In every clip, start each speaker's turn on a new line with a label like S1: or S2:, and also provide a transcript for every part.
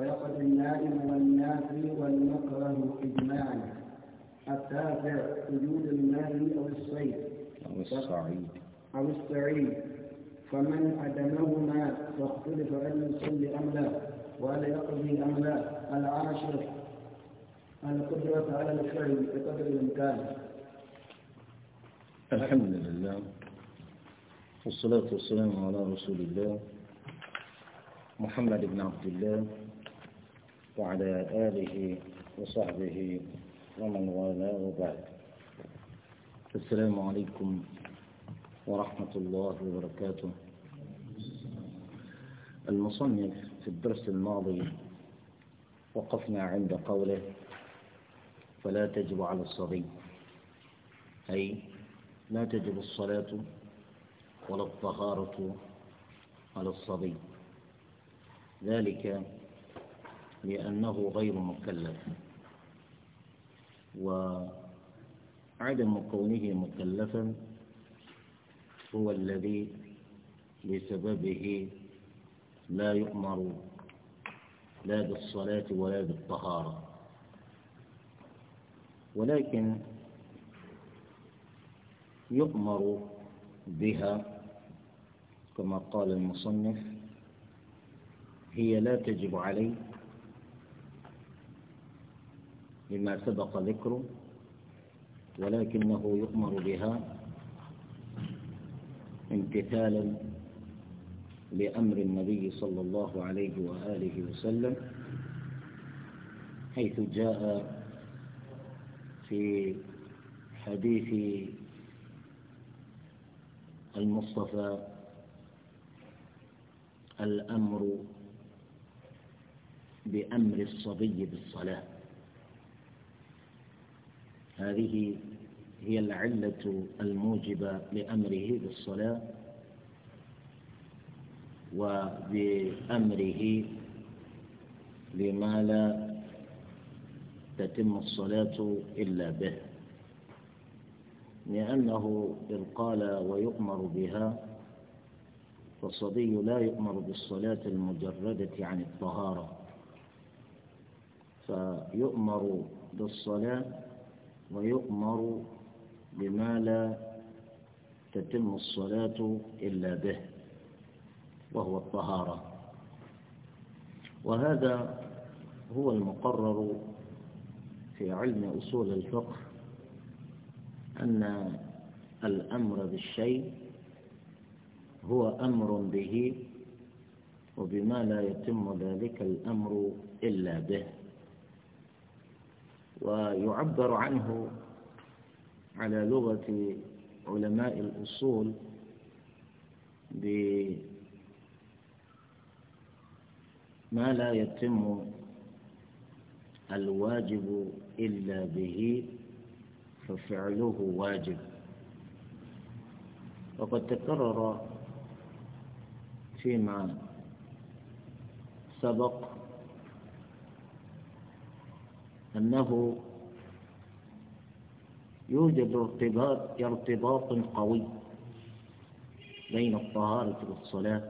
S1: ويقضي النائم والنافي والمكره إجماعا التاسع وجود الماء أو الصيد أو الصعيد أو الصعيد فمن عدمهما فاختلف أن يصلي أم لا وهل
S2: يقضي أم لا العاشر القدرة على الفعل بقدر الإمكان الحمد لله
S1: والصلاة والسلام على رسول الله محمد بن عبد الله وعلى آله وصحبه ومن والاه وبعد السلام عليكم ورحمة الله وبركاته المصنف في الدرس الماضي وقفنا عند قوله فلا تجب على الصبي أي لا تجب الصلاة ولا الطهارة على الصبي ذلك لأنه غير مكلف وعدم كونه مكلفا هو الذي لسببه لا يؤمر لا بالصلاة ولا بالطهارة ولكن يؤمر بها كما قال المصنف هي لا تجب عليه لما سبق ذكره ولكنه يؤمر بها امتثالا لأمر النبي صلى الله عليه وآله وسلم حيث جاء في حديث المصطفى الأمر بأمر الصبي بالصلاة هذه هي العلة الموجبة لأمره بالصلاة وبأمره لما لا تتم الصلاة إلا به لأنه إن قال ويؤمر بها فالصبي لا يؤمر بالصلاة المجردة عن الطهارة فيؤمر بالصلاة ويؤمر بما لا تتم الصلاة إلا به وهو الطهارة وهذا هو المقرر في علم أصول الفقه أن الأمر بالشيء هو أمر به وبما لا يتم ذلك الأمر إلا به ويعبر عنه على لغة علماء الأصول بما لا يتم الواجب إلا به ففعله واجب وقد تكرر فيما سبق أنه يوجد ارتباط ارتباط قوي بين الطهارة والصلاة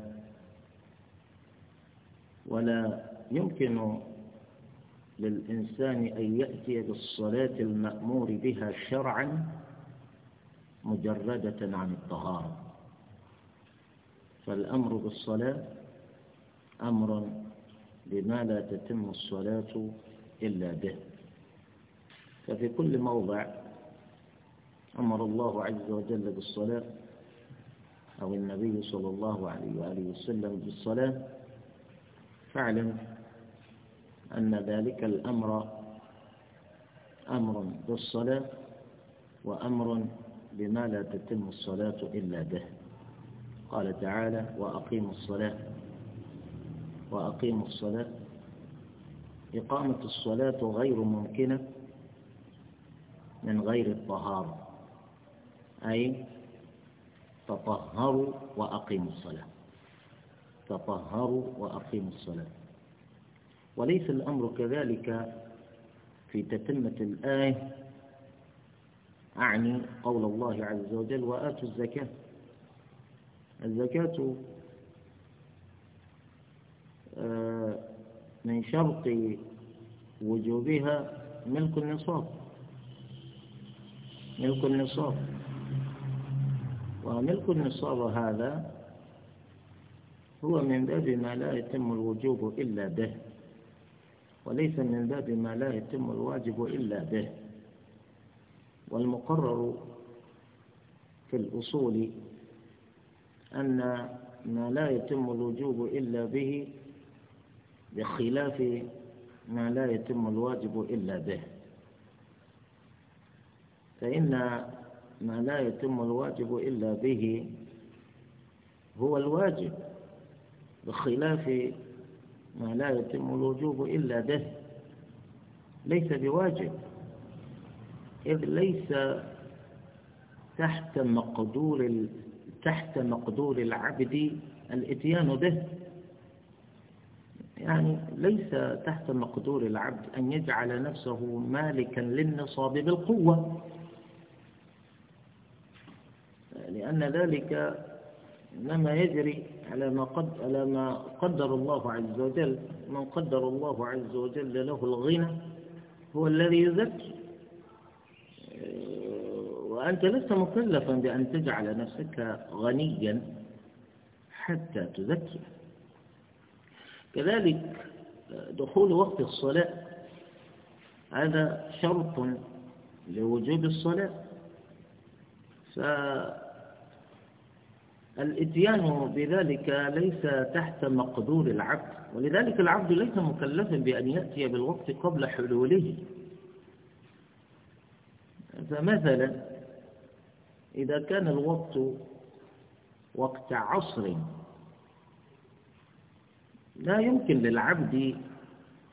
S1: ولا يمكن للإنسان أن يأتي بالصلاة المأمور بها شرعا مجردة عن الطهارة فالأمر بالصلاة أمر بما لا تتم الصلاة إلا به ففي كل موضع أمر الله عز وجل بالصلاة أو النبي صلى الله عليه وآله وسلم بالصلاة فاعلم أن ذلك الأمر أمر بالصلاة وأمر بما لا تتم الصلاة إلا به قال تعالى وأقيموا الصلاة وأقيموا الصلاة إقامة الصلاة غير ممكنة من غير الطهارة أي تطهروا وأقيموا الصلاة تطهروا وأقيموا الصلاة وليس الأمر كذلك في تتمة الآية أعني قول الله عز وجل وآتوا الزكاة الزكاة آه، من شرط وجوبها ملك النصاب ملك النصاب وملك النصاب هذا هو من باب ما لا يتم الوجوب إلا به وليس من باب ما لا يتم الواجب إلا به والمقرر في الأصول أن ما لا يتم الوجوب إلا به بخلاف ما لا يتم الواجب إلا به فإن ما لا يتم الواجب إلا به هو الواجب بخلاف ما لا يتم الوجوب إلا به ليس بواجب إذ ليس تحت مقدور تحت مقدور العبد الإتيان به يعني ليس تحت مقدور العبد أن يجعل نفسه مالكا للنصاب بالقوة لأن ذلك إنما يجري على ما قد على ما قدر الله عز وجل من قدر الله عز وجل له الغنى هو الذي يزكي وأنت لست مكلفا بأن تجعل نفسك غنيا حتى تزكي كذلك دخول وقت الصلاة هذا شرط لوجوب الصلاة فأنت الإتيان بذلك ليس تحت مقدور العبد ولذلك العبد ليس مكلفا بأن يأتي بالوقت قبل حلوله فمثلا إذا كان الوقت وقت عصر لا يمكن للعبد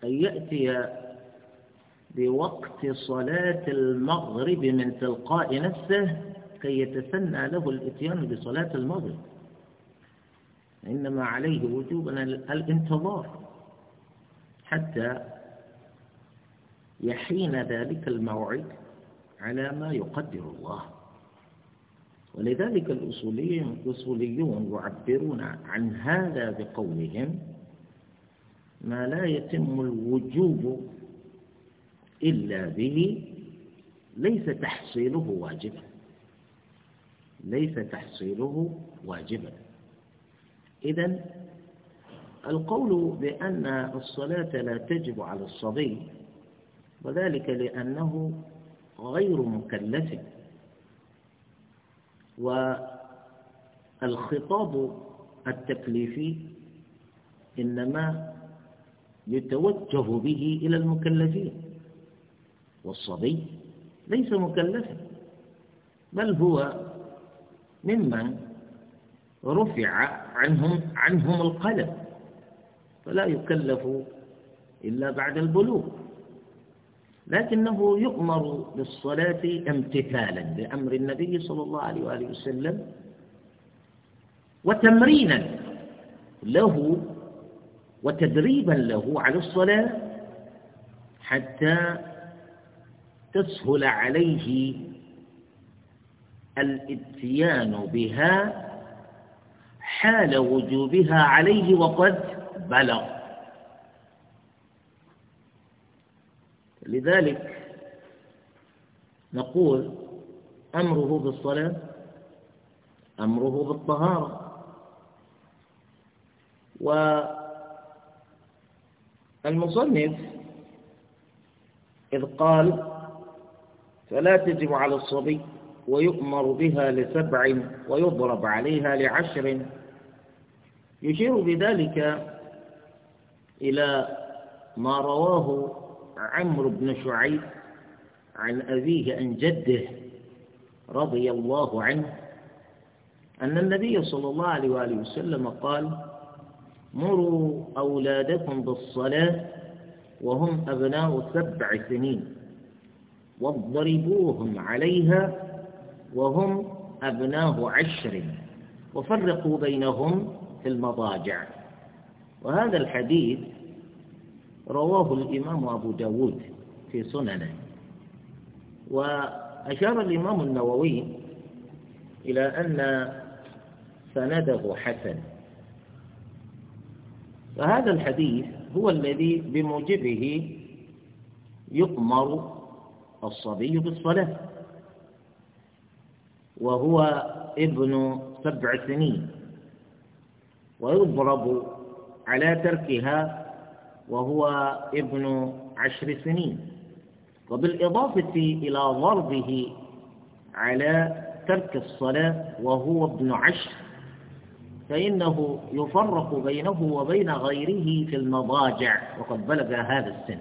S1: أن يأتي بوقت صلاة المغرب من تلقاء نفسه كي يتسنى له الإتيان بصلاة المغرب إنما عليه وجوب الانتظار حتى يحين ذلك الموعد على ما يقدر الله ولذلك الأصوليون يعبرون عن هذا بقولهم ما لا يتم الوجوب إلا به ليس تحصيله واجبا ليس تحصيله واجبا إذا القول بأن الصلاة لا تجب على الصبي وذلك لأنه غير مكلف والخطاب التكليفي إنما يتوجه به إلى المكلفين والصبي ليس مكلفا بل هو ممن رفع عنهم عنهم القلم فلا يكلف إلا بعد البلوغ لكنه يؤمر بالصلاة امتثالا لأمر النبي صلى الله عليه وآله وسلم وتمرينا له وتدريبا له على الصلاة حتى تسهل عليه الاتيان بها حال وجوبها عليه وقد بلغ لذلك نقول أمره بالصلاة أمره بالطهارة والمصنف إذ قال فلا تجب على الصبي ويؤمر بها لسبع ويضرب عليها لعشر يشير بذلك إلى ما رواه عمرو بن شعيب عن أبيه عن جده رضي الله عنه أن النبي صلى الله عليه وآله وسلم قال مروا أولادكم بالصلاة وهم أبناء سبع سنين واضربوهم عليها وهم أبناه عشر وفرقوا بينهم في المضاجع وهذا الحديث رواه الإمام أبو داود في سننه وأشار الإمام النووي إلى أن سنده حسن فهذا الحديث هو الذي بموجبه يقمر الصبي بالصلاة وهو ابن سبع سنين ويضرب على تركها وهو ابن عشر سنين وبالإضافة إلى ضربه على ترك الصلاة وهو ابن عشر فإنه يفرق بينه وبين غيره في المضاجع وقد بلغ هذا السن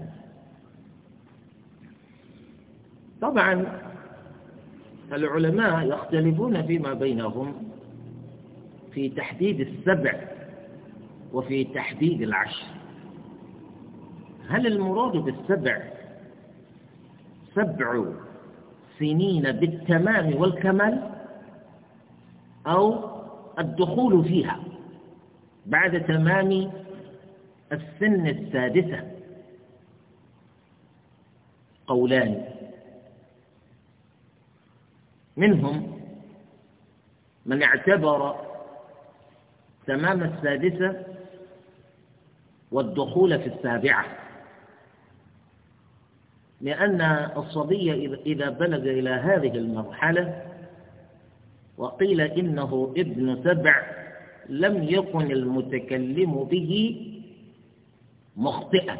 S1: طبعا العلماء يختلفون فيما بينهم في تحديد السبع وفي تحديد العشر هل المراد بالسبع سبع سنين بالتمام والكمال أو الدخول فيها بعد تمام السن السادسة قولان منهم من اعتبر تمام السادسة والدخول في السابعة لأن الصبي إذا بلغ إلى هذه المرحلة وقيل إنه ابن سبع لم يكن المتكلم به مخطئا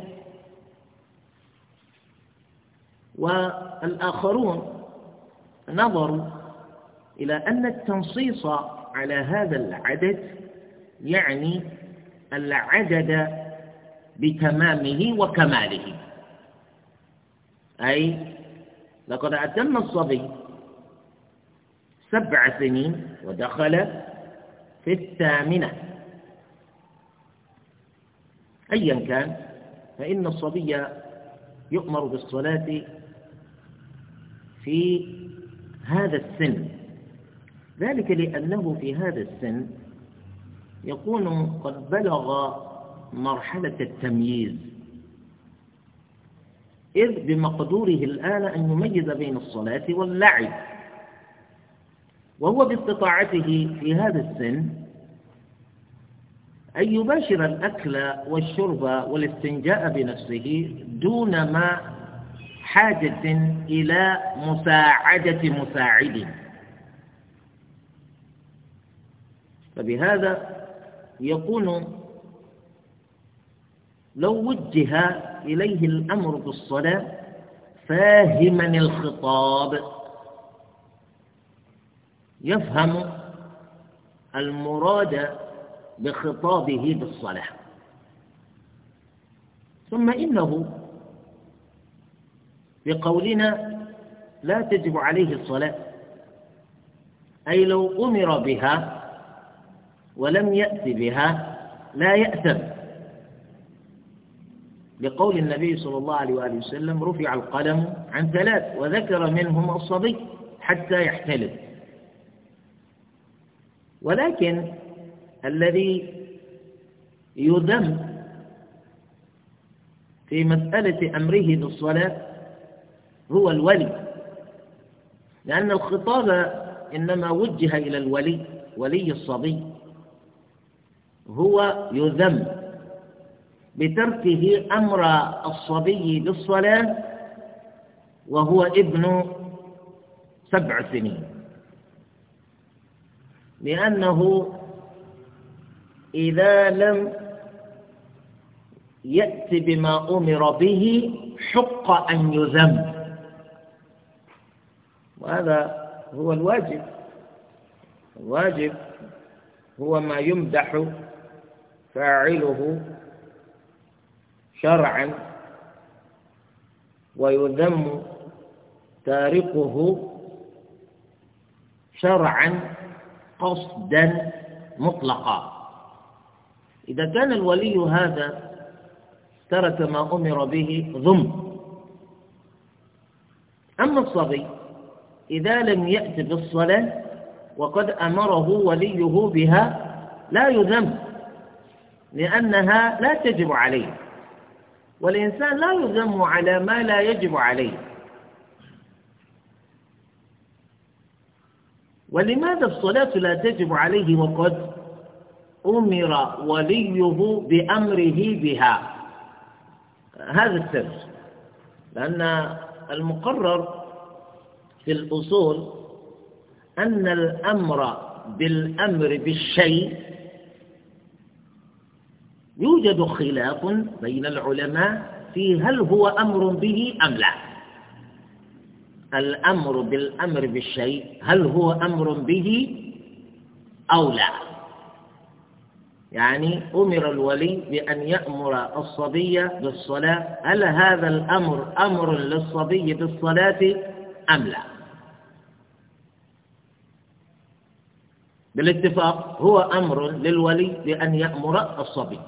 S1: والآخرون نظروا إلى أن التنصيص على هذا العدد يعني العدد بتمامه وكماله أي لقد أتم الصبي سبع سنين ودخل في الثامنة أيا كان فإن الصبي يؤمر بالصلاة في هذا السن ذلك لأنه في هذا السن يكون قد بلغ مرحلة التمييز إذ بمقدوره الآن أن يميز بين الصلاة واللعب وهو باستطاعته في هذا السن أن يباشر الأكل والشرب والاستنجاء بنفسه دون ما حاجة إلى مساعدة مساعد فبهذا يكون لو وجه إليه الأمر بالصلاة فاهما الخطاب يفهم المراد بخطابه بالصلاة ثم إنه بقولنا لا تجب عليه الصلاة أي لو أمر بها ولم يأت بها لا يأثم لقول النبي صلى الله عليه وآله وسلم رفع القلم عن ثلاث وذكر منهم الصبي حتى يحتلم ولكن الذي يذم في مسألة أمره بالصلاة هو الولي لأن الخطاب إنما وجه إلى الولي ولي الصبي هو يذم بتركه أمر الصبي بالصلاة وهو ابن سبع سنين لأنه إذا لم يأت بما أمر به حق أن يذم وهذا هو الواجب الواجب هو ما يمدح فاعله شرعا ويذم تاركه شرعا قصدا مطلقا إذا كان الولي هذا ترك ما أمر به ذم أما الصبي إذا لم يأت بالصلاة وقد أمره وليه بها لا يذم لأنها لا تجب عليه والإنسان لا يذم على ما لا يجب عليه ولماذا الصلاة لا تجب عليه وقد أمر وليه بأمره بها هذا السر لأن المقرر في الأصول أن الأمر بالأمر بالشيء يوجد خلاف بين العلماء في هل هو أمر به أم لا الأمر بالأمر بالشيء هل هو أمر به أو لا يعني أمر الولي بأن يأمر الصبي بالصلاة هل هذا الأمر أمر للصبي بالصلاة أم لا بالاتفاق هو أمر للولي بأن يأمر الصبي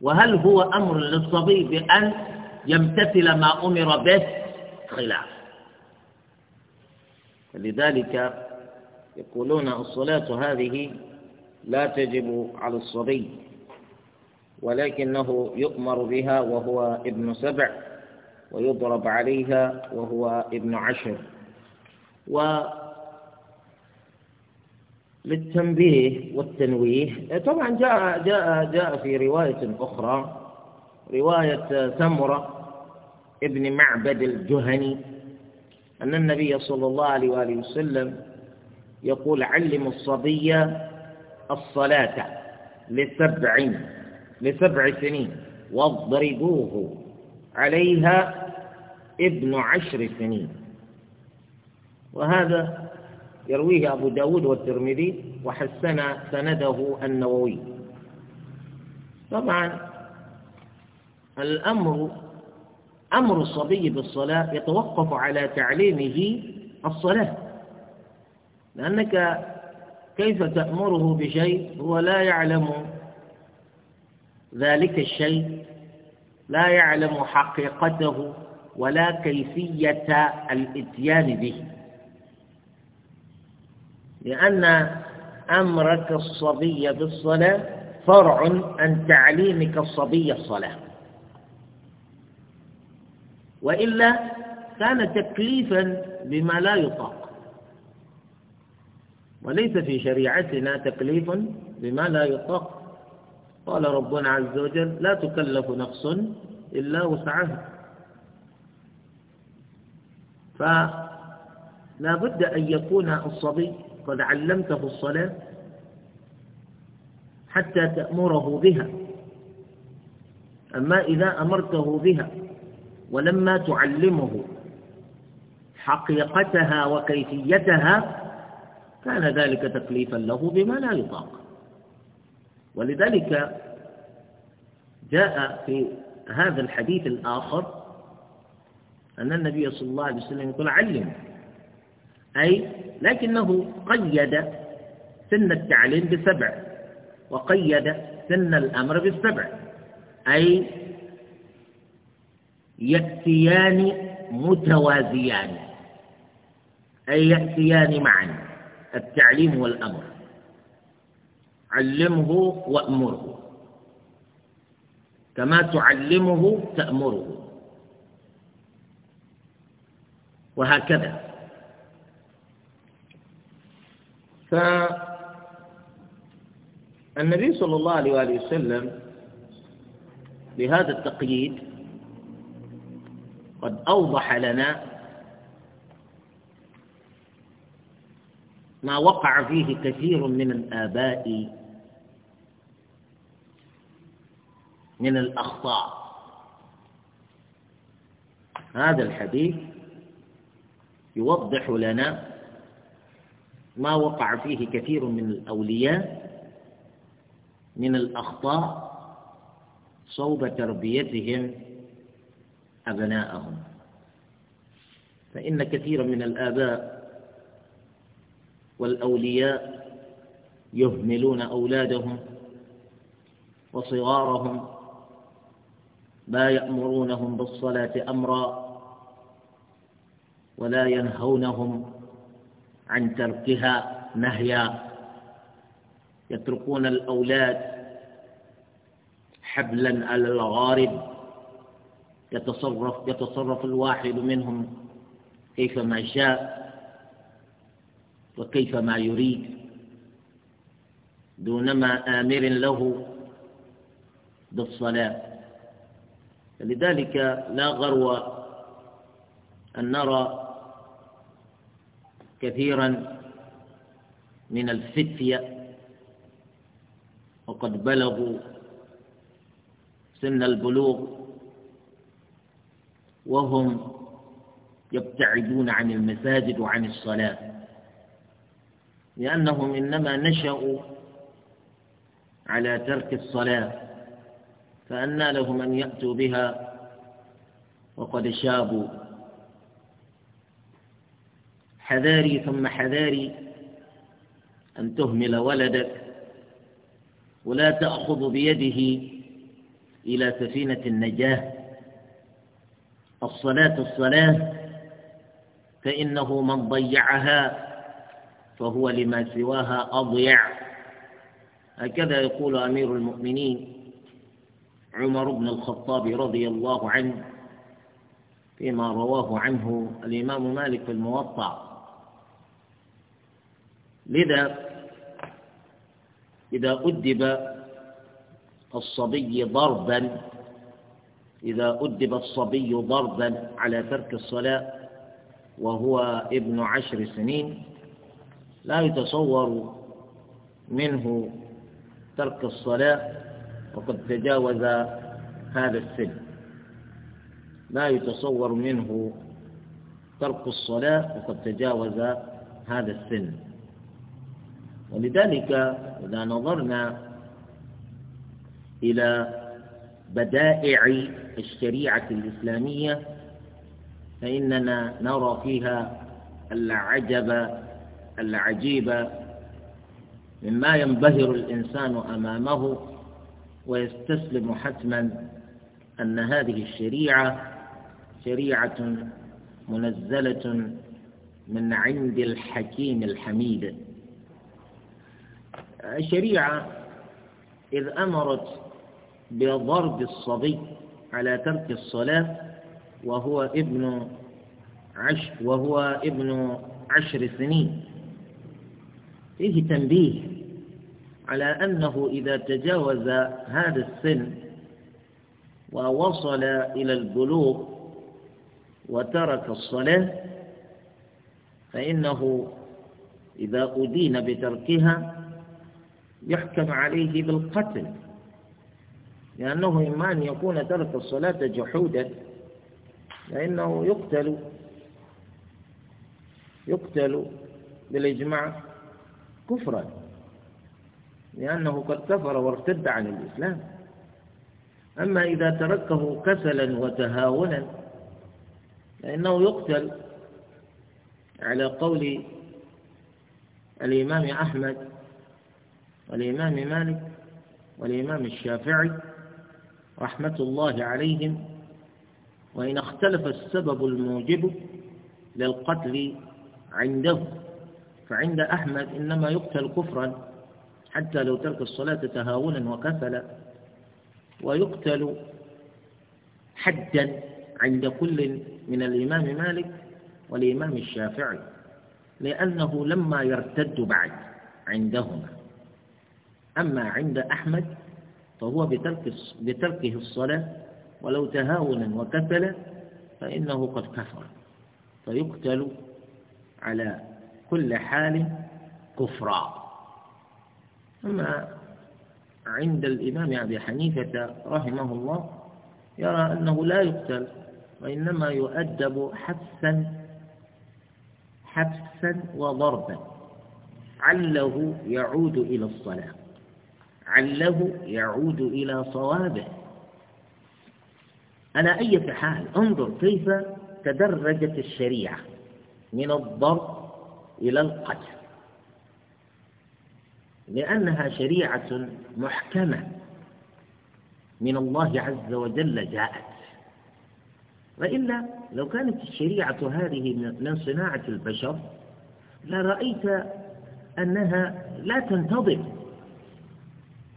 S1: وهل هو أمر للصبي بأن يمتثل ما أمر به خلاف لذلك يقولون الصلاة هذه لا تجب على الصبي ولكنه يؤمر بها وهو ابن سبع ويضرب عليها وهو ابن عشر و للتنبيه والتنويه إيه، طبعا جاء جاء جاء في رواية أخرى رواية ثمرة ابن معبد الجهني أن النبي صلى الله عليه وآله وسلم يقول علم الصبي الصلاة لسبع لسبع سنين واضربوه عليها ابن عشر سنين وهذا يرويه أبو داود والترمذي وحسن سنده النووي طبعا الأمر أمر الصبي بالصلاة يتوقف على تعليمه الصلاة لأنك كيف تأمره بشيء هو لا يعلم ذلك الشيء لا يعلم حقيقته ولا كيفية الإتيان به لأن أمرك الصبي بالصلاة فرع عن تعليمك الصبي الصلاة وإلا كان تكليفا بما لا يطاق وليس في شريعتنا تكليف بما لا يطاق قال ربنا عز وجل لا تكلف نفس إلا وسعها فلا بد أن يكون الصبي قد علمته الصلاة حتى تأمره بها أما إذا أمرته بها ولما تعلمه حقيقتها وكيفيتها كان ذلك تكليفا له بما لا يطاق ولذلك جاء في هذا الحديث الآخر أن النبي صلى الله عليه وسلم يقول علمه أي لكنه قيد سن التعليم بسبع وقيد سن الأمر بالسبع أي يأتيان متوازيان أي يأتيان معا التعليم والأمر علمه وأمره كما تعلمه تأمره وهكذا فالنبي صلى الله عليه وآله وسلم لهذا التقييد قد أوضح لنا ما وقع فيه كثير من الآباء من الأخطاء هذا الحديث يوضح لنا ما وقع فيه كثير من الأولياء من الأخطاء صوب تربيتهم أبناءهم فإن كثيرا من الآباء والأولياء يهملون أولادهم وصغارهم لا يأمرونهم بالصلاة أمرا ولا ينهونهم عن تركها نهيا يتركون الأولاد حبلا على الغارب يتصرف يتصرف الواحد منهم كيفما شاء وكيفما يريد دونما آمر له بالصلاة لذلك لا غرو أن نرى كثيرا من الفتية وقد بلغوا سن البلوغ وهم يبتعدون عن المساجد وعن الصلاة لأنهم إنما نشأوا على ترك الصلاة فأنى لهم أن يأتوا بها وقد شابوا حذاري ثم حذاري أن تهمل ولدك ولا تأخذ بيده إلى سفينة النجاة الصلاة الصلاة فإنه من ضيعها فهو لما سواها أضيع هكذا يقول أمير المؤمنين عمر بن الخطاب رضي الله عنه فيما رواه عنه الإمام مالك في الموطأ لذا إذا أدب الصبي ضربا إذا أدب الصبي ضربا على ترك الصلاة وهو ابن عشر سنين لا يتصور منه ترك الصلاة وقد تجاوز هذا السن لا يتصور منه ترك الصلاة وقد تجاوز هذا السن ولذلك إذا نظرنا إلى بدائع الشريعة الإسلامية فإننا نرى فيها العجب العجيب مما ينبهر الإنسان أمامه ويستسلم حتما أن هذه الشريعة شريعة منزلة من عند الحكيم الحميد الشريعة إذ أمرت بضرب الصبي على ترك الصلاة وهو ابن عشر وهو ابن عشر سنين فيه تنبيه على أنه إذا تجاوز هذا السن ووصل إلى البلوغ وترك الصلاة فإنه إذا أدين بتركها يحكم عليه بالقتل لأنه إما أن يكون ترك الصلاة جحودا فإنه يقتل يقتل بالإجماع كفرا لأنه قد كفر وارتد عن الإسلام أما إذا تركه كسلا وتهاونا فإنه يقتل على قول الإمام أحمد والإمام مالك والإمام الشافعي رحمة الله عليهم وإن اختلف السبب الموجب للقتل عنده فعند أحمد إنما يقتل كفرا حتى لو ترك الصلاة تهاونا وكسلا ويقتل حدا عند كل من الإمام مالك والإمام الشافعي لأنه لما يرتد بعد عندهما أما عند أحمد فهو بترك بتركه الصلاة ولو تهاونا وكسلا فإنه قد كفر فيقتل على كل حال كفرا أما عند الإمام أبي حنيفة رحمه الله يرى أنه لا يقتل وإنما يؤدب حبسا حبسا وضربا عله يعود إلى الصلاة عله يعود إلى صوابه على أي حال انظر كيف تدرجت الشريعة من الضرب إلى القتل لأنها شريعة محكمة من الله عز وجل جاءت وإلا لو كانت الشريعة هذه من صناعة البشر لرأيت أنها لا تنتظم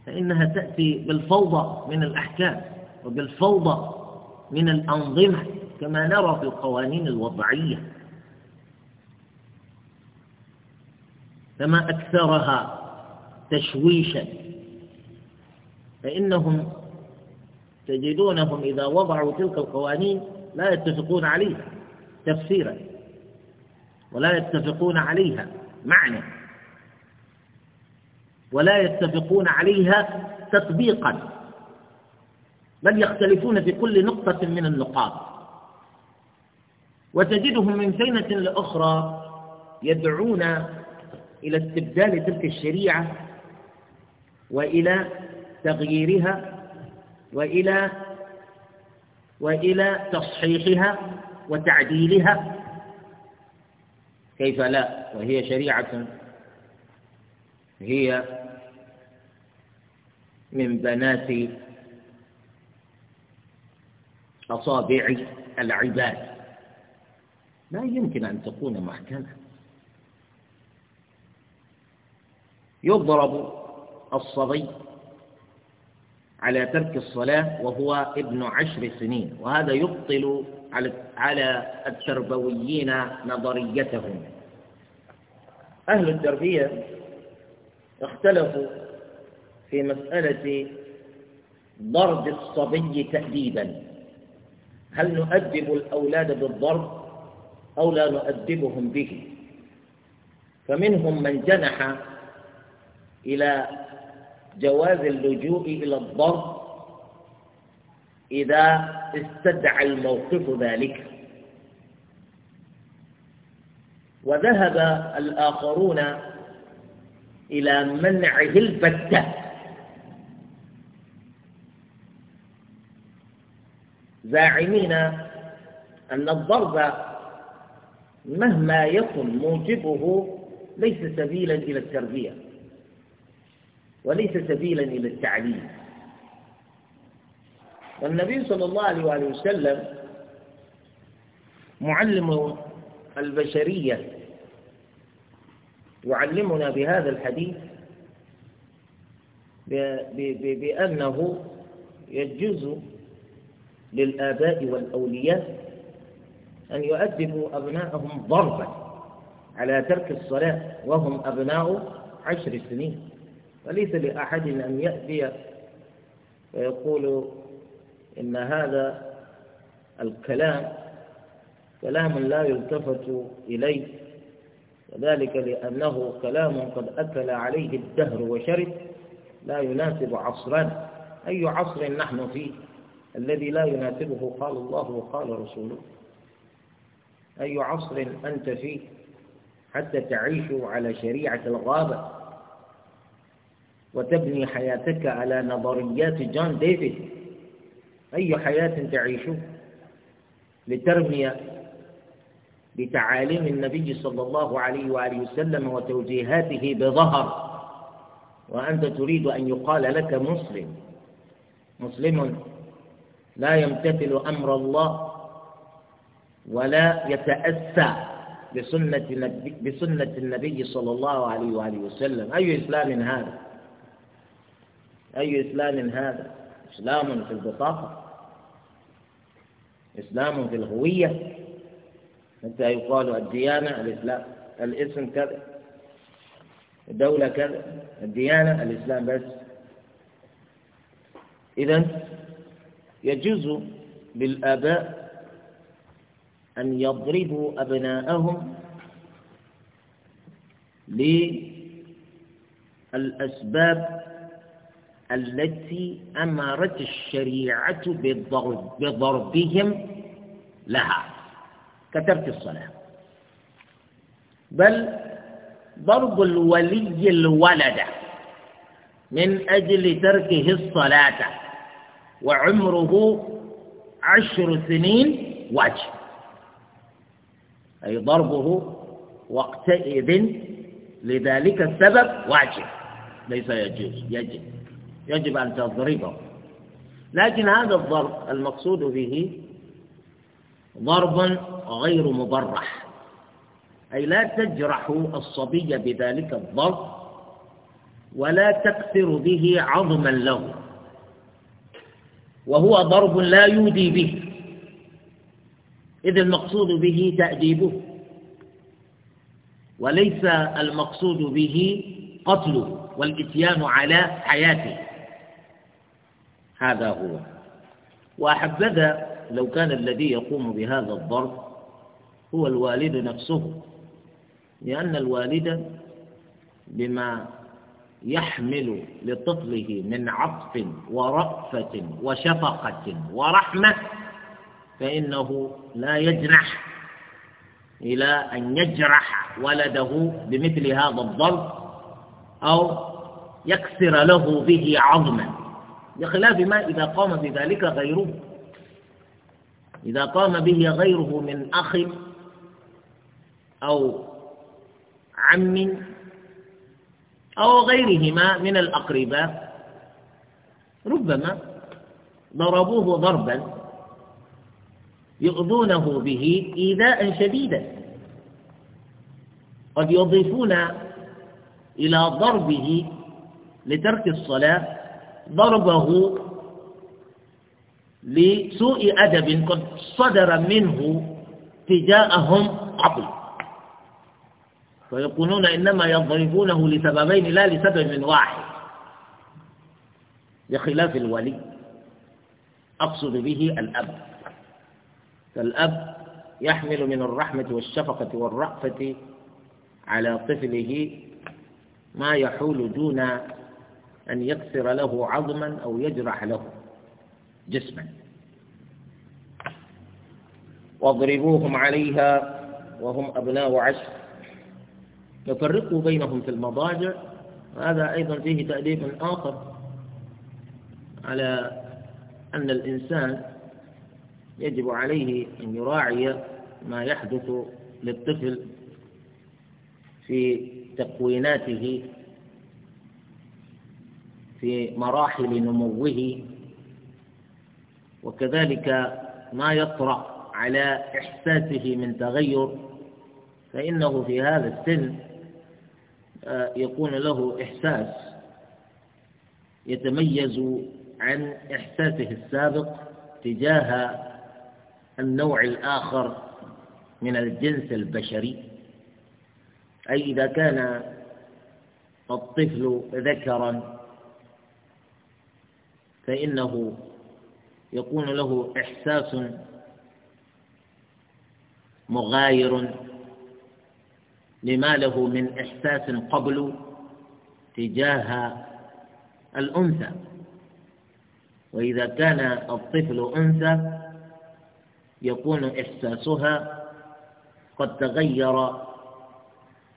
S1: فإنها تأتي بالفوضى من الأحكام وبالفوضى من الأنظمة كما نرى في القوانين الوضعية فما أكثرها تشويشا فإنهم تجدونهم إذا وضعوا تلك القوانين لا يتفقون عليها تفسيرا ولا يتفقون عليها معنى ولا يتفقون عليها تطبيقا بل يختلفون في كل نقطة من النقاط وتجدهم من سنة لأخرى يدعون إلى استبدال تلك الشريعة وإلى تغييرها وإلى وإلى تصحيحها وتعديلها كيف لا وهي شريعة هي من بنات أصابع العباد لا يمكن أن تكون محكمة يضرب الصبي على ترك الصلاة وهو ابن عشر سنين وهذا يبطل على التربويين نظريتهم أهل التربية اختلفوا في مسألة ضرب الصبي تأديبا هل نؤدب الأولاد بالضرب أو لا نؤدبهم به فمنهم من جنح إلى جواز اللجوء إلى الضرب إذا استدعى الموقف ذلك وذهب الآخرون إلى منعه البتة زاعمين أن الضرب مهما يكن موجبه ليس سبيلا إلى التربية وليس سبيلا إلى التعليم والنبي صلى الله عليه وسلم معلم البشرية يعلمنا بهذا الحديث بأنه يجوز للآباء والأولياء أن يؤدبوا أبناءهم ضربا على ترك الصلاة وهم أبناء عشر سنين وليس لأحد أن يأتي ويقول إن هذا الكلام كلام لا يلتفت إليه وذلك لأنه كلام قد أكل عليه الدهر وشرب لا يناسب عصرنا أي عصر نحن فيه الذي لا يناسبه قال الله وقال رسوله أي عصر أنت فيه حتى تعيش على شريعة الغابة وتبني حياتك على نظريات جون ديفيد أي حياة تعيش لترمي بتعاليم النبي صلى الله عليه وآله وسلم وتوجيهاته بظهر وأنت تريد أن يقال لك مسلم مسلم لا يمتثل أمر الله ولا يتأسى بسنة بسنة النبي صلى الله عليه وآله وسلم أي إسلام هذا أي إسلام هذا إسلام في البطاقة إسلام في الهوية حتى يقال الديانة الإسلام الاسم كذا الدولة كذا الديانة الإسلام بس إذا يجوز للآباء أن يضربوا أبناءهم للأسباب التي أمرت الشريعة بضربهم لها كترك الصلاة بل ضرب الولي الولد من أجل تركه الصلاة وعمره عشر سنين وجه أي ضربه وقتئذ لذلك السبب واجب ليس يجوز يجب يجب أن تضربه لكن هذا الضرب المقصود به ضرب غير مبرح أي لا تجرح الصبي بذلك الضرب ولا تكثر به عظما له وهو ضرب لا يودي به إذ المقصود به تأديبه وليس المقصود به قتله والإتيان على حياته هذا هو وأحبذا لو كان الذي يقوم بهذا الضرب هو الوالد نفسه لأن الوالد بما يحمل لطفله من عطف ورأفة وشفقة ورحمة فإنه لا يجنح إلى أن يجرح ولده بمثل هذا الضرب أو يكسر له به عظما بخلاف ما إذا قام بذلك غيره إذا قام به غيره من أخ أو عم أو غيرهما من الأقرباء ربما ضربوه ضربا يؤذونه به إيذاء شديدا قد يضيفون إلى ضربه لترك الصلاة ضربه لسوء أدب قد صدر منه تجاههم قبل فيقولون إنما يضربونه لسببين لا لسبب واحد بخلاف الولي أقصد به الأب فالأب يحمل من الرحمة والشفقة والرأفة على طفله ما يحول دون أن يكسر له عظما أو يجرح له جسما واضربوهم عليها وهم أبناء عشر يفرقوا بينهم في المضاجع وهذا أيضا فيه تأليف آخر على أن الإنسان يجب عليه أن يراعي ما يحدث للطفل في تكويناته في مراحل نموه وكذلك ما يطرأ على إحساسه من تغير فإنه في هذا السن يكون له إحساس يتميز عن إحساسه السابق تجاه النوع الآخر من الجنس البشري أي إذا كان الطفل ذكرا فإنه يكون له إحساس مغاير لما له من إحساس قبل تجاه الأنثى وإذا كان الطفل أنثى يكون إحساسها قد تغير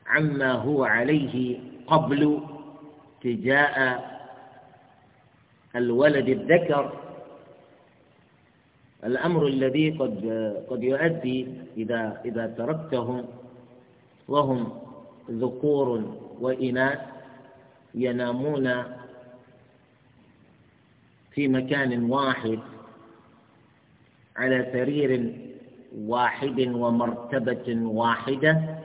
S1: عما هو عليه قبل تجاه الولد الذكر الأمر الذي قد قد يؤدي إذا إذا تركته وهم ذكور وإناث ينامون في مكان واحد على سرير واحد ومرتبة واحدة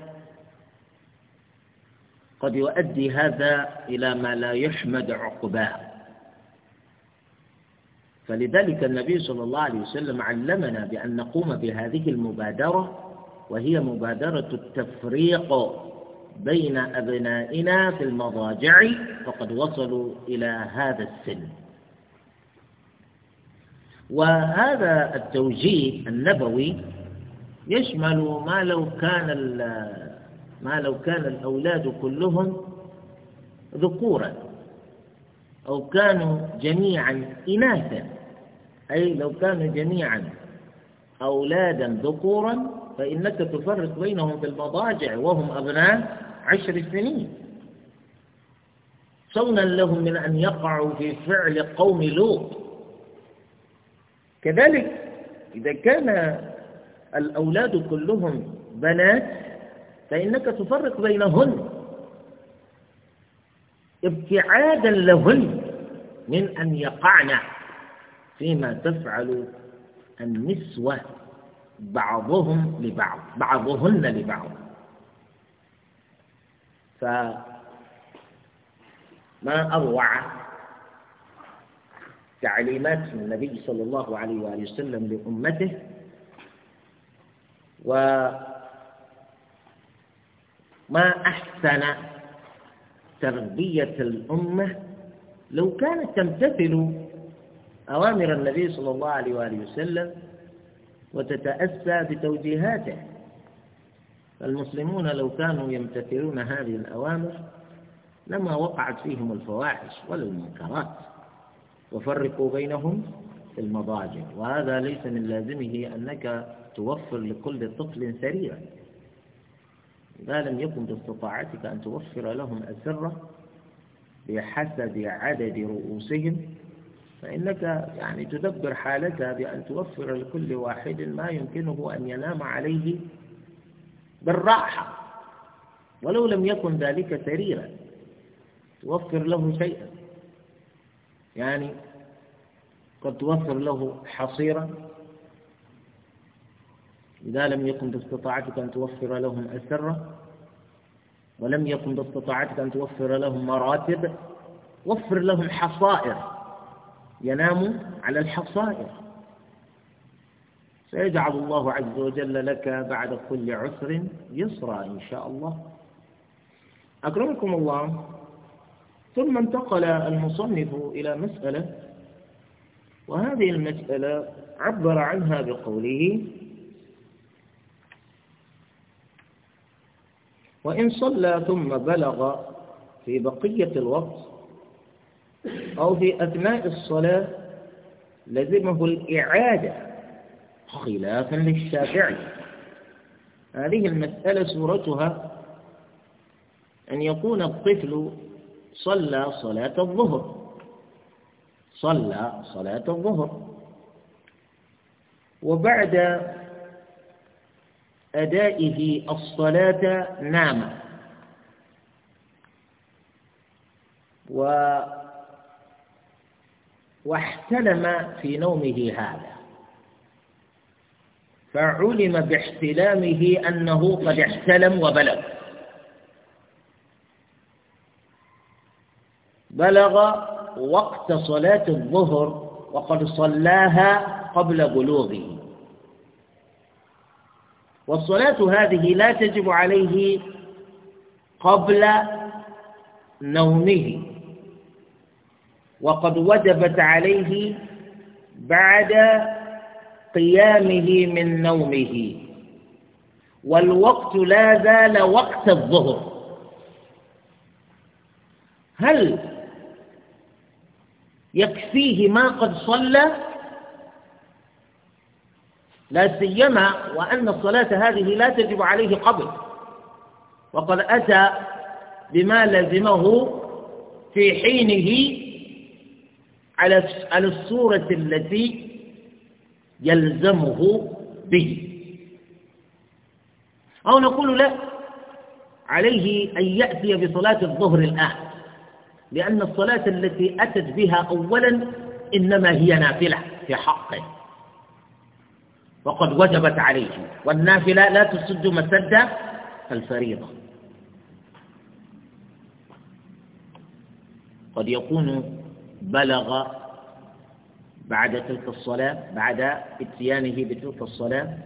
S1: قد يؤدي هذا إلى ما لا يحمد عقباه فلذلك النبي صلى الله عليه وسلم علمنا بأن نقوم بهذه المبادرة وهي مبادرة التفريق بين أبنائنا في المضاجع فقد وصلوا إلى هذا السن وهذا التوجيه النبوي يشمل ما لو كان ما لو كان الأولاد كلهم ذكورا أو كانوا جميعا إناثا أي لو كانوا جميعا أولادا ذكورا فإنك تفرق بينهم في المضاجع وهم أبناء عشر سنين صونا لهم من أن يقعوا في فعل قوم لوط كذلك إذا كان الأولاد كلهم بنات فإنك تفرق بينهن ابتعادا لهن من أن يقعن فيما تفعل النسوة بعضهم لبعض بعضهن لبعض فما أروع تعليمات النبي صلى الله عليه وآله وسلم لأمته وما أحسن تربية الأمة لو كانت تمتثل أوامر النبي صلى الله عليه وآله وسلم وتتأسى بتوجيهاته فالمسلمون لو كانوا يمتثلون هذه الأوامر لما وقعت فيهم الفواحش ولا المنكرات وفرقوا بينهم في المضاجع وهذا ليس من لازمه أنك توفر لكل طفل سريرا إذا لم يكن باستطاعتك أن توفر لهم أسرة بحسب عدد رؤوسهم فإنك يعني تدبر حالتها بأن توفر لكل واحد ما يمكنه أن ينام عليه بالراحة ولو لم يكن ذلك سريرا توفر له شيئا يعني قد توفر له حصيرا إذا لم يكن باستطاعتك أن توفر لهم أسرة ولم يكن باستطاعتك أن توفر لهم مراتب وفر لهم حصائر ينام على الحصائر سيجعل الله عز وجل لك بعد كل عسر يسرا إن شاء الله أكرمكم الله ثم انتقل المصنف إلى مسألة وهذه المسألة عبر عنها بقوله وإن صلى ثم بلغ في بقية الوقت أو في أثناء الصلاة لزمه الإعادة خلافا للشافعي هذه المسألة صورتها أن يكون الطفل صلى صلاة الظهر صلى صلاة الظهر وبعد أدائه الصلاة نام و واحتلم في نومه هذا فعلم باحتلامه أنه قد احتلم وبلغ بلغ وقت صلاة الظهر وقد صلاها قبل بلوغه والصلاة هذه لا تجب عليه قبل نومه وقد وجبت عليه بعد قيامه من نومه والوقت لا زال وقت الظهر هل يكفيه ما قد صلى لا سيما وأن الصلاة هذه لا تجب عليه قبل وقد أتى بما لزمه في حينه على على الصورة التي يلزمه به أو نقول لا عليه أن يأتي بصلاة الظهر الآن لأن الصلاة التي أتت بها أولا إنما هي نافلة في حقه وقد وجبت عليه والنافلة لا تسد مسد الفريضة قد يكون بلغ بعد تلك الصلاة بعد اتيانه بتلك الصلاة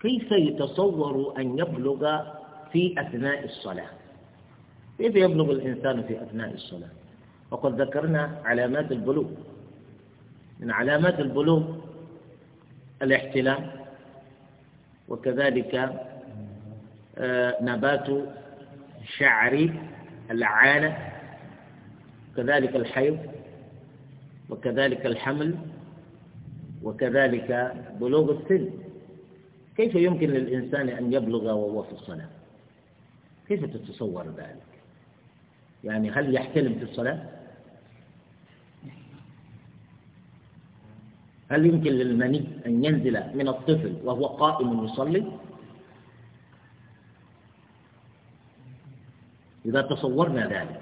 S1: كيف يتصور أن يبلغ في أثناء الصلاة كيف يبلغ الإنسان في أثناء الصلاة وقد ذكرنا علامات البلوغ من علامات البلوغ الاحتلام وكذلك آه، نبات شعر العانة وكذلك الحيض وكذلك الحمل وكذلك بلوغ السن كيف يمكن للإنسان أن يبلغ وهو في الصلاة كيف تتصور ذلك يعني هل يحتلم في الصلاة هل يمكن للمني أن ينزل من الطفل وهو قائم يصلي إذا تصورنا ذلك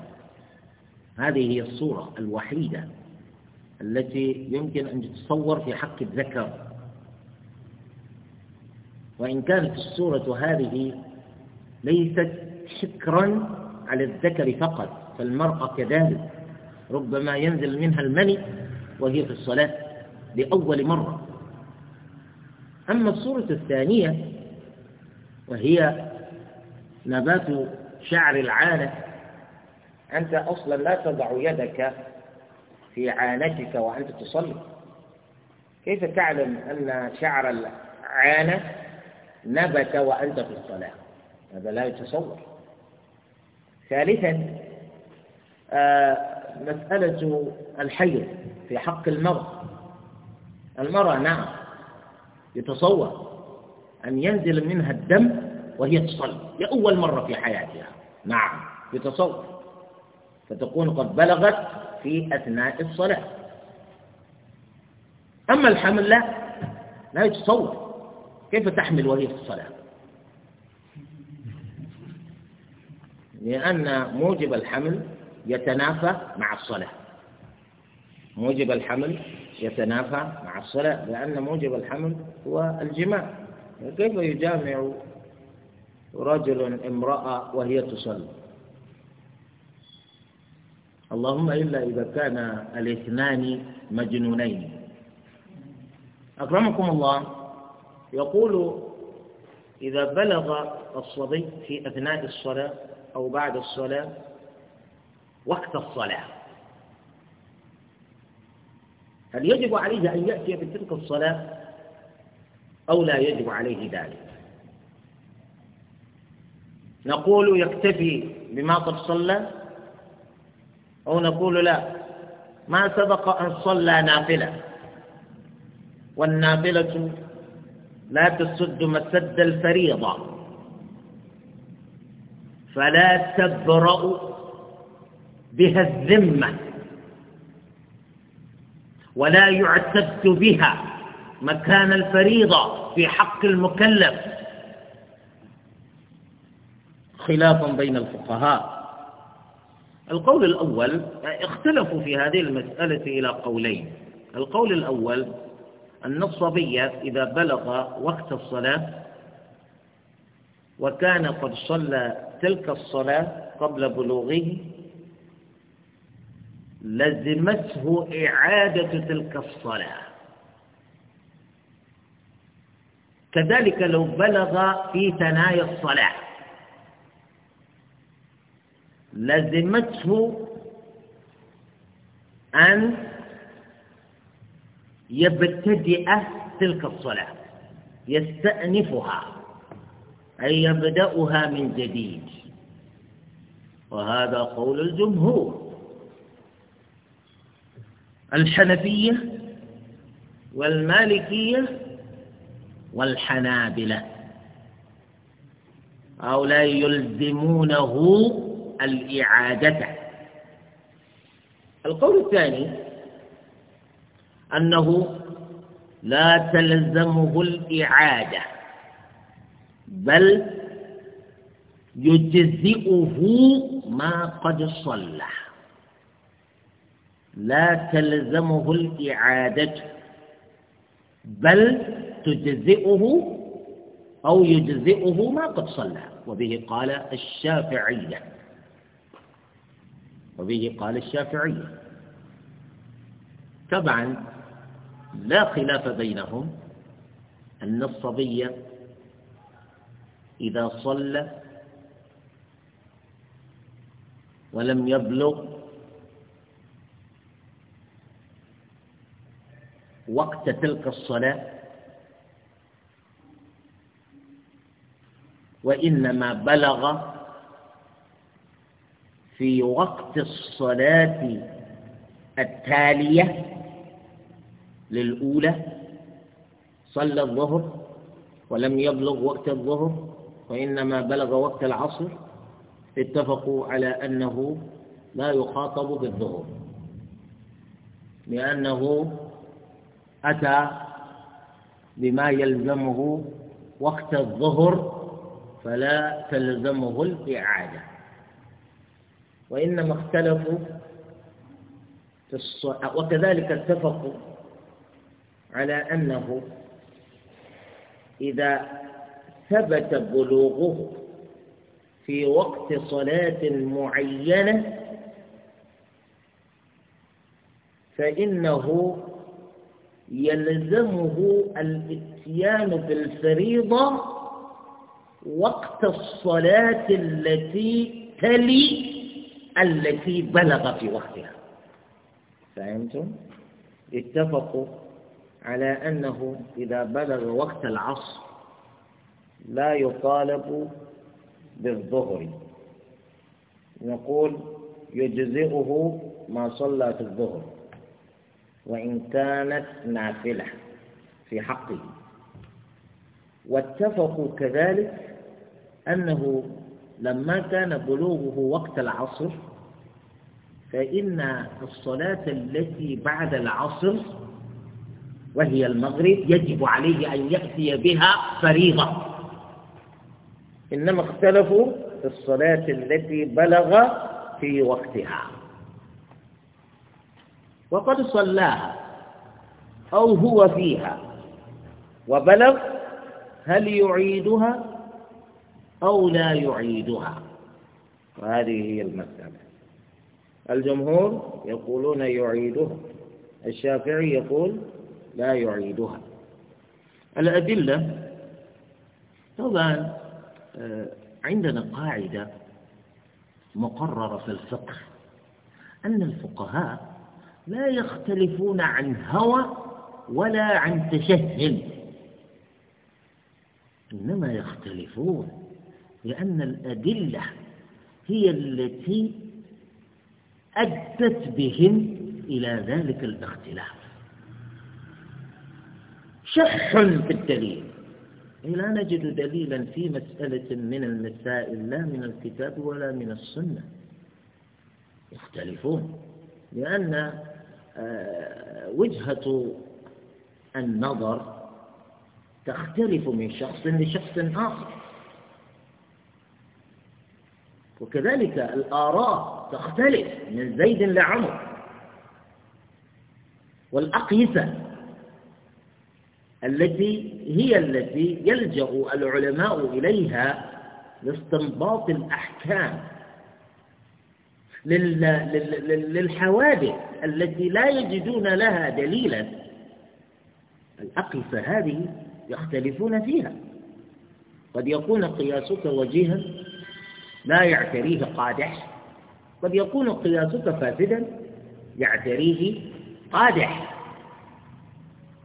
S1: هذه هي الصورة الوحيدة التي يمكن أن تتصور في حق الذكر وإن كانت الصورة هذه ليست شكرا على الذكر فقط فالمرأة كذلك ربما ينزل منها المني وهي في الصلاة لأول مرة أما الصورة الثانية وهي نبات شعر العانة أنت أصلا لا تضع يدك في عانتك وأنت تصلي كيف تعلم أن شعر العانة نبت وأنت في الصلاة هذا لا يتصور ثالثا آه مسألة الحيض في حق المرأة المرأة نعم يتصور أن ينزل منها الدم وهي تصلي لأول مرة في حياتها نعم يتصور فتكون قد بلغت في أثناء الصلاة أما الحمل لا لا يتصور كيف تحمل وهي في الصلاة لأن موجب الحمل يتنافى مع الصلاة موجب الحمل يتنافى مع الصلاة لأن موجب الحمل هو الجماع كيف يجامع رجل امرأة وهي تصلي اللهم إلا إذا كان الاثنان مجنونين أكرمكم الله يقول إذا بلغ الصبي في أثناء الصلاة أو بعد الصلاة وقت الصلاة هل يجب عليه أن يأتي بتلك الصلاة أو لا يجب عليه ذلك نقول يكتفي بما قد صلى أو نقول لا ما سبق أن صلى نافلة والنافلة لا تسد مسد الفريضة فلا تبرأ بها الذمة ولا يعتد بها مكان الفريضة في حق المكلف خلاف بين الفقهاء القول الأول اختلفوا في هذه المسألة إلى قولين القول الأول أن الصبي إذا بلغ وقت الصلاة وكان قد صلى تلك الصلاة قبل بلوغه لزمته إعادة تلك الصلاة كذلك لو بلغ في ثنايا الصلاة لزمته أن يبتدئ تلك الصلاة يستأنفها أي يبدأها من جديد وهذا قول الجمهور الحنفية والمالكية والحنابلة هؤلاء يلزمونه الإعادة القول الثاني أنه لا تلزمه الإعادة بل يجزئه ما قد صلى لا تلزمه الإعادة بل تجزئه أو يجزئه ما قد صلى وبه قال الشافعية وبه قال الشافعي طبعا لا خلاف بينهم أن الصبي إذا صلى ولم يبلغ وقت تلك الصلاة وإنما بلغ في وقت الصلاة التالية للأولى صلى الظهر ولم يبلغ وقت الظهر وإنما بلغ وقت العصر اتفقوا على أنه لا يخاطب بالظهر لأنه أتى بما يلزمه وقت الظهر فلا تلزمه الإعادة وإنما اختلفوا في الصلاة وكذلك اتفقوا على أنه إذا ثبت بلوغه في وقت صلاة معينة فإنه يلزمه الاتيان بالفريضة وقت الصلاة التي تلي التي بلغ في وقتها فهمتم؟ اتفقوا على أنه إذا بلغ وقت العصر لا يطالب بالظهر نقول يجزئه ما صلى في الظهر وإن كانت نافلة في حقه واتفقوا كذلك أنه لما كان بلوغه وقت العصر فإن الصلاة التي بعد العصر وهي المغرب يجب عليه أن يأتي بها فريضة إنما اختلفوا في الصلاة التي بلغ في وقتها وقد صلاها أو هو فيها وبلغ هل يعيدها أو لا يعيدها وهذه هي المسألة الجمهور يقولون يعيدها الشافعي يقول لا يعيدها الأدلة طبعا آه، عندنا قاعدة مقررة في الفقه أن الفقهاء لا يختلفون عن هوى ولا عن تشهد إنما يختلفون لأن الأدلة هي التي أدت بهم إلى ذلك الاختلاف شح في الدليل إيه، لا نجد دليلا في مسألة من المسائل لا من الكتاب ولا من السنة يختلفون لأن آه، وجهة النظر تختلف من شخص لشخص آخر وكذلك الآراء تختلف من زيد لعمر والأقيسة التي هي التي يلجأ العلماء إليها لاستنباط الأحكام للحوادث التي لا يجدون لها دليلا الأقيسة هذه يختلفون فيها قد يكون قياسك وجيها لا يعتريه قادح قد يكون قياسك فاسدا يعتريه قادح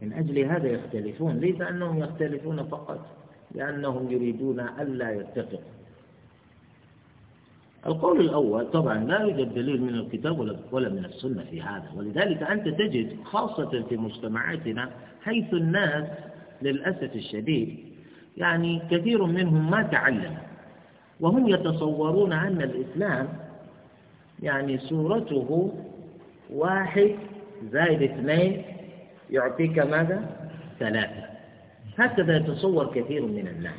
S1: من أجل هذا يختلفون ليس أنهم يختلفون فقط لأنهم يريدون ألا يتفقوا القول الأول طبعا لا يوجد دليل من الكتاب ولا من السنة في هذا ولذلك أنت تجد خاصة في مجتمعاتنا حيث الناس للأسف الشديد يعني كثير منهم ما تعلم وهم يتصورون أن الإسلام يعني صورته واحد زائد اثنين يعطيك ماذا؟ ثلاثة هكذا يتصور كثير من الناس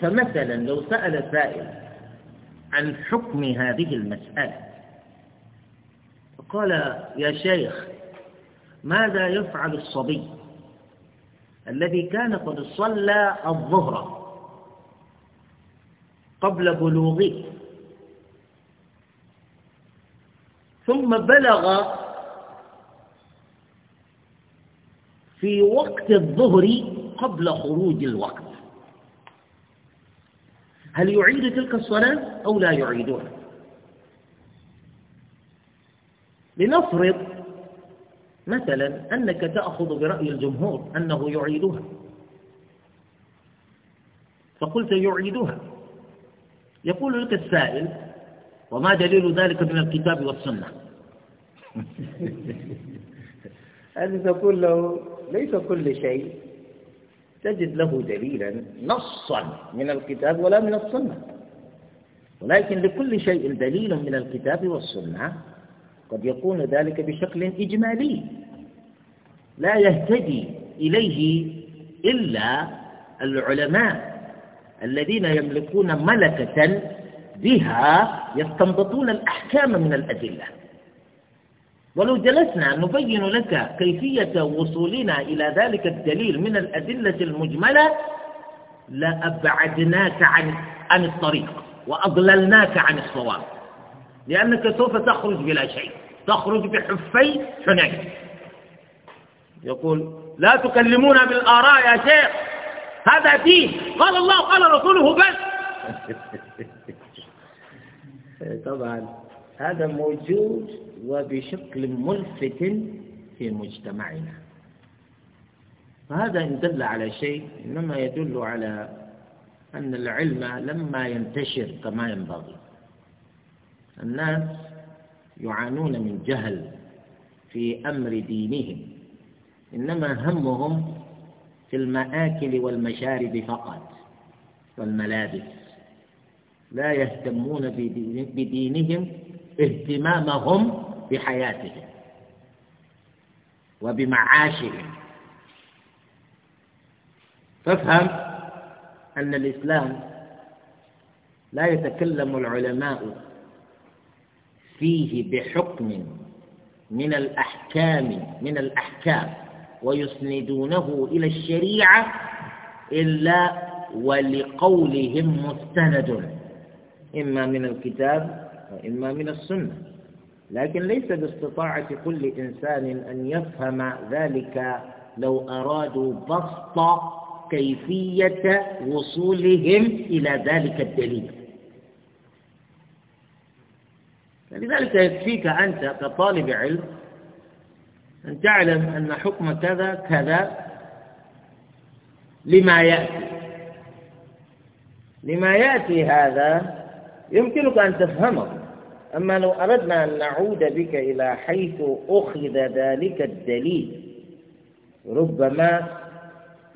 S1: فمثلا لو سأل سائل عن حكم هذه المسألة فقال يا شيخ ماذا يفعل الصبي الذي كان قد صلى الظهر قبل بلوغه ثم بلغ في وقت الظهر قبل خروج الوقت هل يعيد تلك الصلاة أو لا يعيدها لنفرض مثلا أنك تأخذ برأي الجمهور أنه يعيدها فقلت يعيدها يقول لك السائل وما دليل ذلك من الكتاب والسنة أن تقول له ليس كل شيء تجد له دليلا نصا من الكتاب ولا من السنة ولكن لكل شيء دليل من الكتاب والسنة قد يكون ذلك بشكل إجمالي لا يهتدي إليه إلا العلماء الذين يملكون ملكة بها يستنبطون الأحكام من الأدلة ولو جلسنا نبين لك كيفية وصولنا إلى ذلك الدليل من الأدلة المجملة لأبعدناك عن عن الطريق وأضللناك عن الصواب لأنك سوف تخرج بلا شيء تخرج بحفي حنين يقول لا تكلمونا بالآراء يا شيخ هذا دين قال الله قال رسوله بس طبعا هذا موجود وبشكل ملفت في مجتمعنا فهذا إن دل على شيء إنما يدل على أن العلم لما ينتشر كما ينبغي الناس يعانون من جهل في أمر دينهم إنما همهم في المآكل والمشارب فقط والملابس لا يهتمون بدينهم اهتمامهم بحياتهم وبمعاشهم فافهم أن الإسلام لا يتكلم العلماء فيه بحكم من الأحكام من الأحكام ويسندونه إلى الشريعة إلا ولقولهم مستند إما من الكتاب وإما من السنة لكن ليس باستطاعة كل إنسان أن يفهم ذلك لو أرادوا بسط كيفية وصولهم إلى ذلك الدليل لذلك يكفيك أنت كطالب علم أن تعلم أن حكم كذا كذا لما يأتي لما يأتي هذا يمكنك أن تفهمه أما لو أردنا أن نعود بك إلى حيث أخذ ذلك الدليل ربما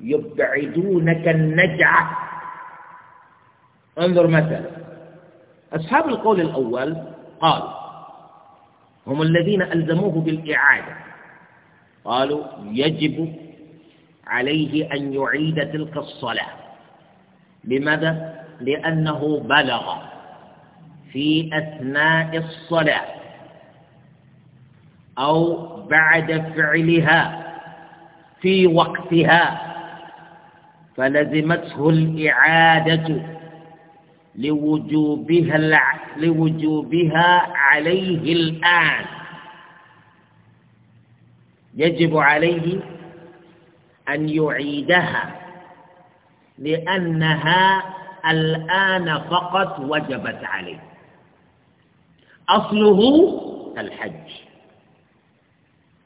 S1: يبعدونك النجعة انظر مثلا أصحاب القول الأول قال هم الذين ألزموه بالإعادة قالوا يجب عليه أن يعيد تلك الصلاة لماذا؟ لأنه بلغ في أثناء الصلاة أو بعد فعلها في وقتها فلزمته الإعادة لوجوبها, لوجوبها عليه الآن يجب عليه أن يعيدها لأنها الآن فقط وجبت عليه أصله الحج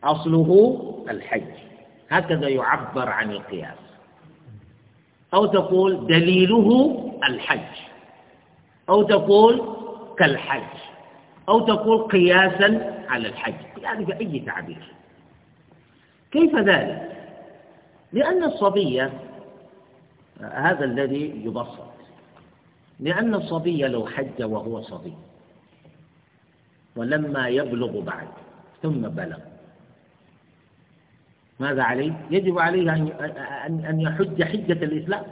S1: أصله الحج هكذا يعبر عن القياس أو تقول دليله الحج أو تقول كالحج أو تقول قياسا على الحج يعني بأي تعبير كيف ذلك؟ لأن الصبي هذا الذي يبسط لأن الصبي لو حج وهو صبي ولما يبلغ بعد ثم بلغ ماذا عليه؟ يجب عليه أن يحج حجة الإسلام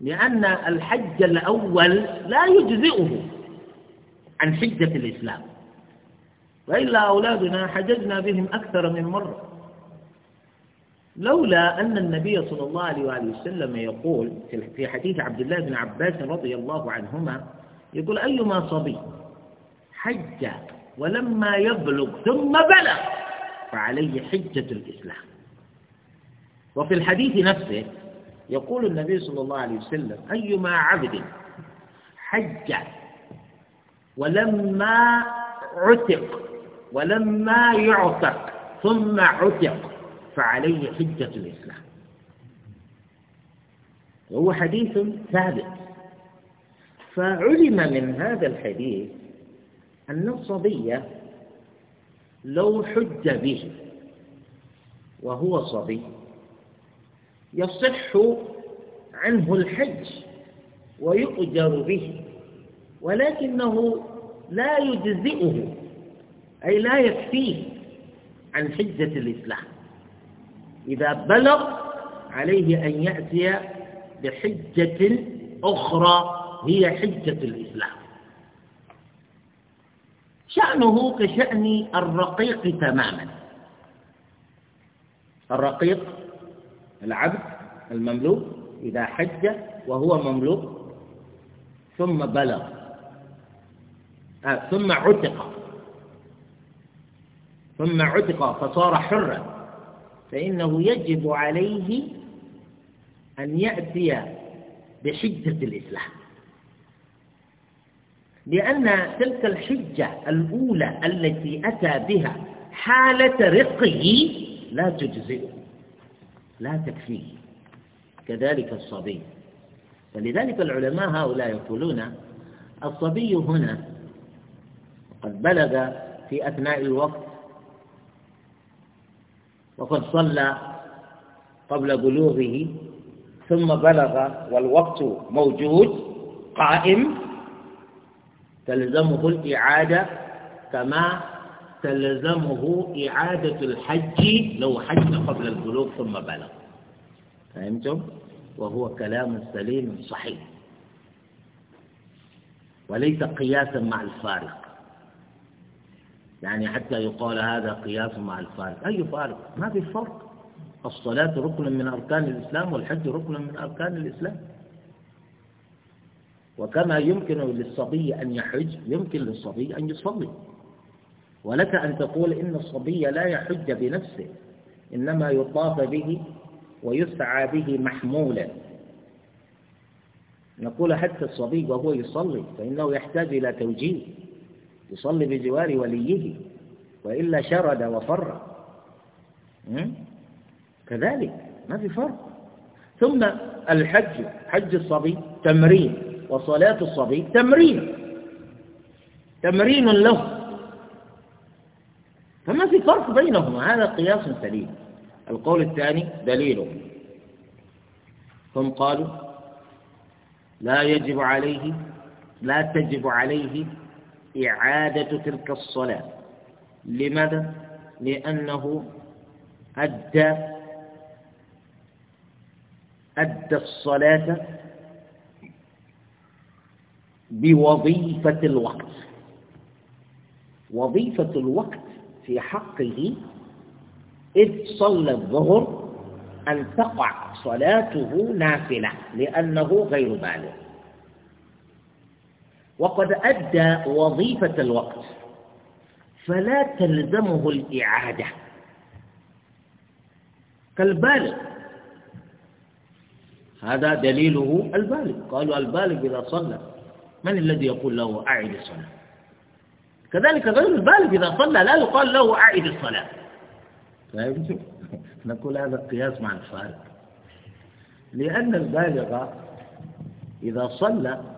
S1: لأن الحج الأول لا يجزئه عن حجة الإسلام وإلا أولادنا حججنا بهم أكثر من مرة لولا أن النبي صلى الله عليه وآله وسلم يقول في حديث عبد الله بن عباس رضي الله عنهما يقول أيما صبي حج ولما يبلغ ثم بلغ فعليه حجة الإسلام وفي الحديث نفسه يقول النبي صلى الله عليه وسلم أيما عبد حج ولما عتق ولما يعتق ثم عتق فعليه حجة الإسلام وهو حديث ثابت فعلم من هذا الحديث أن الصبي لو حج به وهو صبي يصح عنه الحج ويؤجر به ولكنه لا يجزئه أي لا يكفيه عن حجة الإسلام إذا بلغ عليه أن يأتي بحجة أخرى هي حجة الإسلام شأنه كشأن الرقيق تماما الرقيق العبد المملوك إذا حج وهو مملوك ثم بلغ آه ثم عتق ثم عتق فصار حرا فإنه يجب عليه أن يأتي بحجة الإسلام لأن تلك الحجة الأولى التي أتى بها حالة رقه لا تجزئه لا تكفيه كذلك الصبي فلذلك العلماء هؤلاء يقولون الصبي هنا قد بلغ في أثناء الوقت وقد صلى قبل بلوغه ثم بلغ والوقت موجود قائم تلزمه الإعادة كما تلزمه إعادة الحج لو حج قبل البلوغ ثم بلغ فهمتم؟ وهو كلام سليم صحيح وليس قياسا مع الفارق يعني حتى يقال هذا قياس مع الفارق أي فارق ما في فرق الصلاة ركن من أركان الإسلام والحج ركن من أركان الإسلام وكما يمكن للصبي أن يحج يمكن للصبي أن يصلي ولك أن تقول إن الصبي لا يحج بنفسه إنما يطاف به ويسعى به محمولا نقول حتى الصبي وهو يصلي فإنه يحتاج إلى توجيه يصلي بجوار وليه وإلا شرد وفر كذلك ما في فرق ثم الحج حج الصبي تمرين وصلاة الصبي تمرين تمرين له فما في فرق بينهما هذا قياس سليم القول الثاني دليله هم قالوا لا يجب عليه لا تجب عليه إعادة تلك الصلاة لماذا؟ لأنه أدى أدى الصلاة بوظيفة الوقت وظيفة الوقت في حقه إذ صلى الظهر أن تقع صلاته نافلة لأنه غير بالغ وقد أدى وظيفة الوقت فلا تلزمه الإعادة كالبالغ هذا دليله البالغ قالوا البالغ إذا صلى من الذي يقول له أعد الصلاة كذلك غير البالغ إذا صلى لا يقال له أعد الصلاة نقول هذا القياس مع الفارق لأن البالغ إذا صلى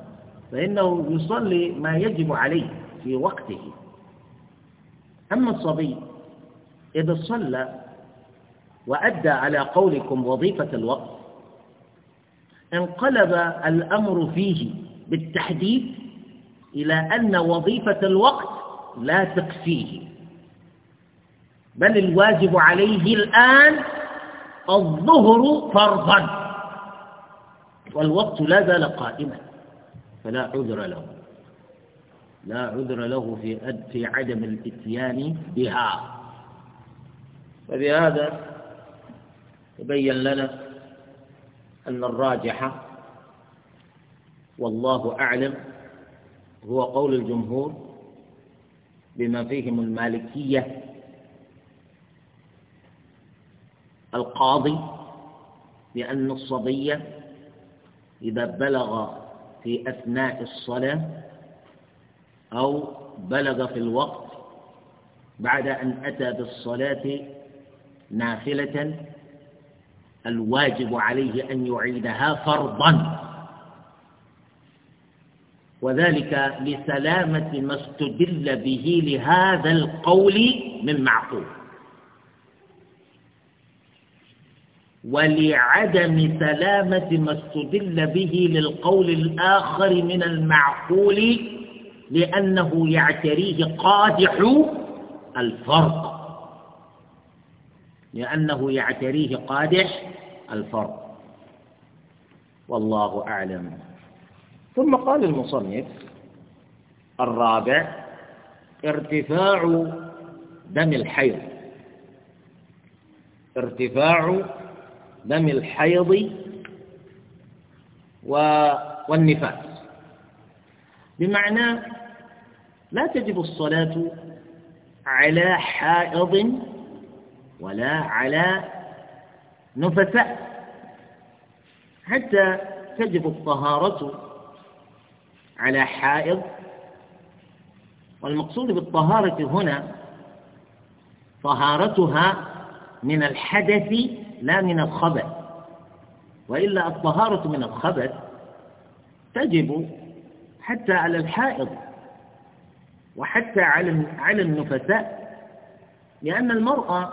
S1: فإنه يصلي ما يجب عليه في وقته أما الصبي إذا صلى وأدى على قولكم وظيفة الوقت انقلب الأمر فيه بالتحديد إلى أن وظيفة الوقت لا تكفيه بل الواجب عليه الآن الظهر فرضا والوقت لا زال قائما فلا عذر له لا عذر له في في عدم الإتيان بها فبهذا تبين لنا أن الراجح والله أعلم هو قول الجمهور بما فيهم المالكية القاضي بأن الصبي إذا بلغ في أثناء الصلاة أو بلغ في الوقت بعد أن أتى بالصلاة نافلة الواجب عليه أن يعيدها فرضا وذلك لسلامة ما استدل به لهذا القول من معقول ولعدم سلامة ما استدل به للقول الآخر من المعقول لأنه يعتريه قادح الفرق لأنه يعتريه قادح الفرق والله أعلم ثم قال المصنف الرابع ارتفاع دم الحيض ارتفاع دم الحيض والنفاس بمعنى لا تجب الصلاة على حائض ولا على نفساء حتى تجب الطهارة على حائض والمقصود بالطهارة هنا طهارتها من الحدث لا من الخبث وإلا الطهارة من الخبث تجب حتى على الحائض وحتى على على النفساء لأن المرأة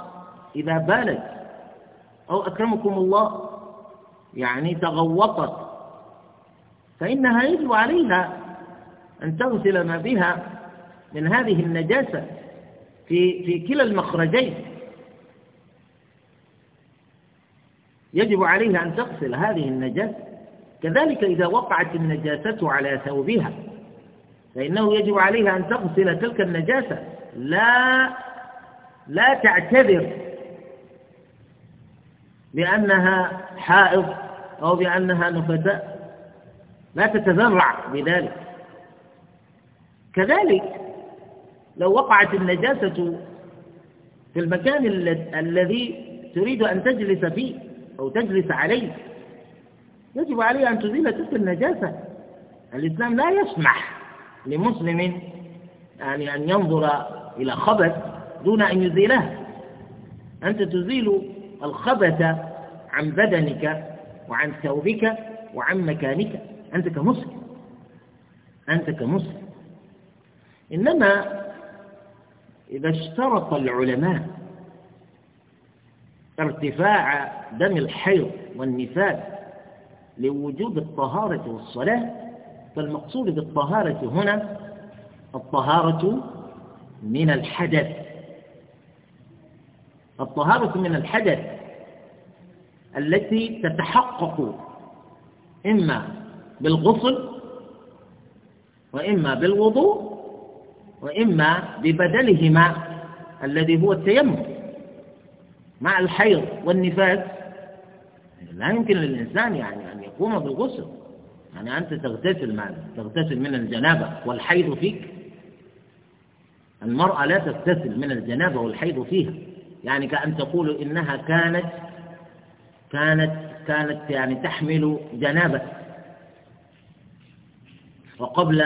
S1: إذا بالت أو أكرمكم الله يعني تغوطت فإنها يجب عليها أن تغسل ما بها من هذه النجاسة في في كلا المخرجين يجب عليها أن تغسل هذه النجاسة كذلك إذا وقعت النجاسة على ثوبها فإنه يجب عليها أن تغسل تلك النجاسة لا لا تعتذر بأنها حائض أو بأنها نفساء لا تتذرع بذلك كذلك لو وقعت النجاسة في المكان الذي تريد أن تجلس فيه أو تجلس عليه يجب عليه أن تزيل تلك النجاسة الإسلام لا يسمح لمسلم يعني أن ينظر إلى خبث دون أن يزيله أنت تزيل الخبث عن بدنك وعن ثوبك وعن مكانك أنت كمسلم أنت كمسلم إنما إذا اشترط العلماء ارتفاع دم الحيض والنفاس لوجوب الطهارة والصلاة فالمقصود بالطهارة هنا الطهارة من الحدث الطهارة من الحدث التي تتحقق إما بالغسل وإما بالوضوء وإما ببدلهما الذي هو التيمم مع الحيض والنفاس لا يمكن للإنسان يعني أن يقوم بالغسل يعني أنت تغتسل من تغتسل من الجنابة والحيض فيك المرأة لا تغتسل من الجنابة والحيض فيها يعني كأن تقول إنها كانت كانت كانت يعني تحمل جنابة وقبل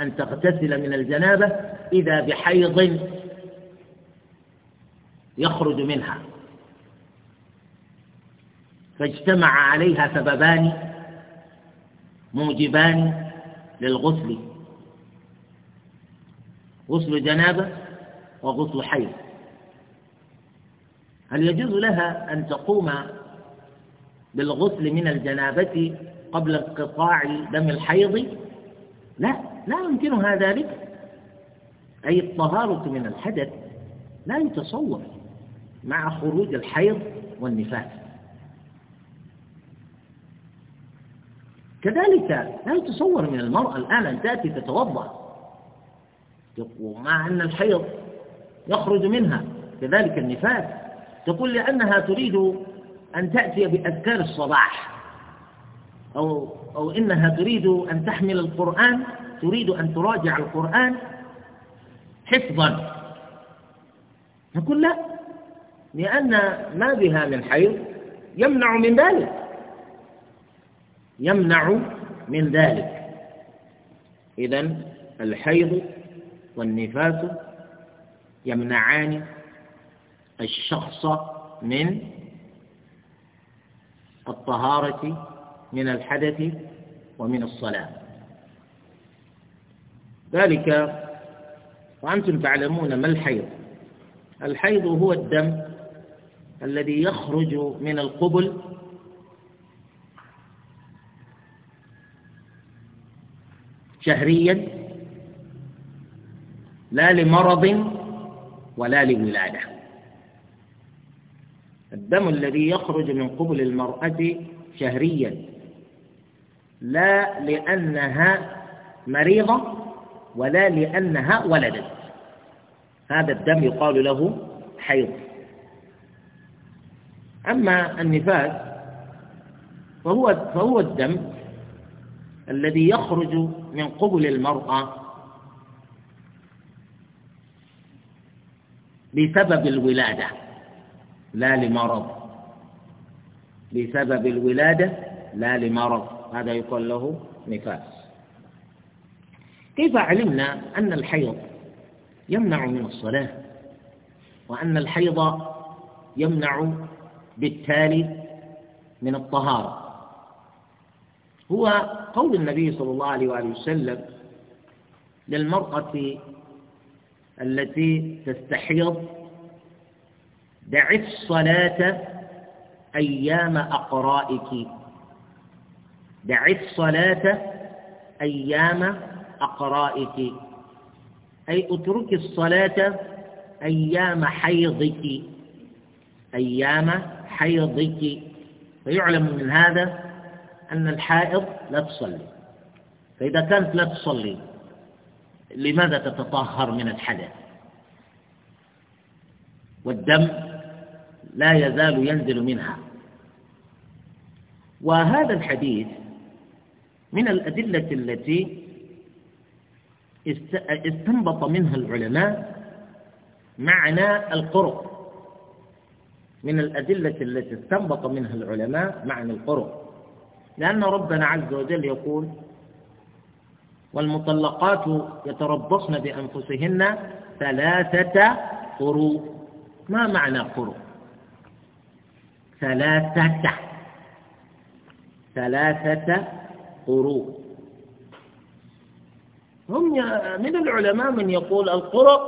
S1: أن تغتسل من الجنابة إذا بحيض يخرج منها فاجتمع عليها سببان موجبان للغسل غسل جنابة وغسل حيض هل يجوز لها أن تقوم بالغسل من الجنابة قبل انقطاع دم الحيض لا لا يمكنها ذلك أي الطهارة من الحدث لا يتصور مع خروج الحيض والنفاس كذلك لا يتصور من المرأة الآن أن تأتي تتوضأ ومع أن الحيض يخرج منها كذلك النفاس تقول لأنها تريد أن تأتي بأذكار الصباح أو أو إنها تريد أن تحمل القرآن تريد أن تراجع القرآن حفظا نقول لا لأن ما بها من حيض يمنع من ذلك يمنع من ذلك إذا الحيض والنفاس يمنعان الشخص من الطهارة من الحدث ومن الصلاة ذلك وأنتم تعلمون ما الحيض الحيض هو الدم الذي يخرج من القبل شهريا لا لمرض ولا لولادة الدم الذي يخرج من قبل المرأة شهريا لا لأنها مريضة ولا لأنها ولدت هذا الدم يقال له حيض أما النفاس فهو فهو الدم الذي يخرج من قبل المرأة بسبب الولادة لا لمرض بسبب الولادة لا لمرض هذا يقال له نفاس كيف علمنا أن الحيض يمنع من الصلاة وأن الحيض يمنع بالتالي من الطهارة هو قول النبي صلى الله عليه وآله وسلم للمرأة التي تستحيض دع الصلاة أيام أقرائك دع الصلاة أيام أقرائك أي اترك الصلاة أيام حيضك أيام حيضك فيعلم من هذا أن الحائض لا تصلي فإذا كانت لا تصلي لماذا تتطهر من الحدث والدم لا يزال ينزل منها وهذا الحديث من الأدلة التي استنبط منها العلماء معنى القرب من الأدلة التي استنبط منها العلماء معنى القرب لأن ربنا عز وجل يقول والمطلقات يتربصن بأنفسهن ثلاثة قروء ما معنى قروء ثلاثة ثلاثة قروء هم من العلماء من يقول القرء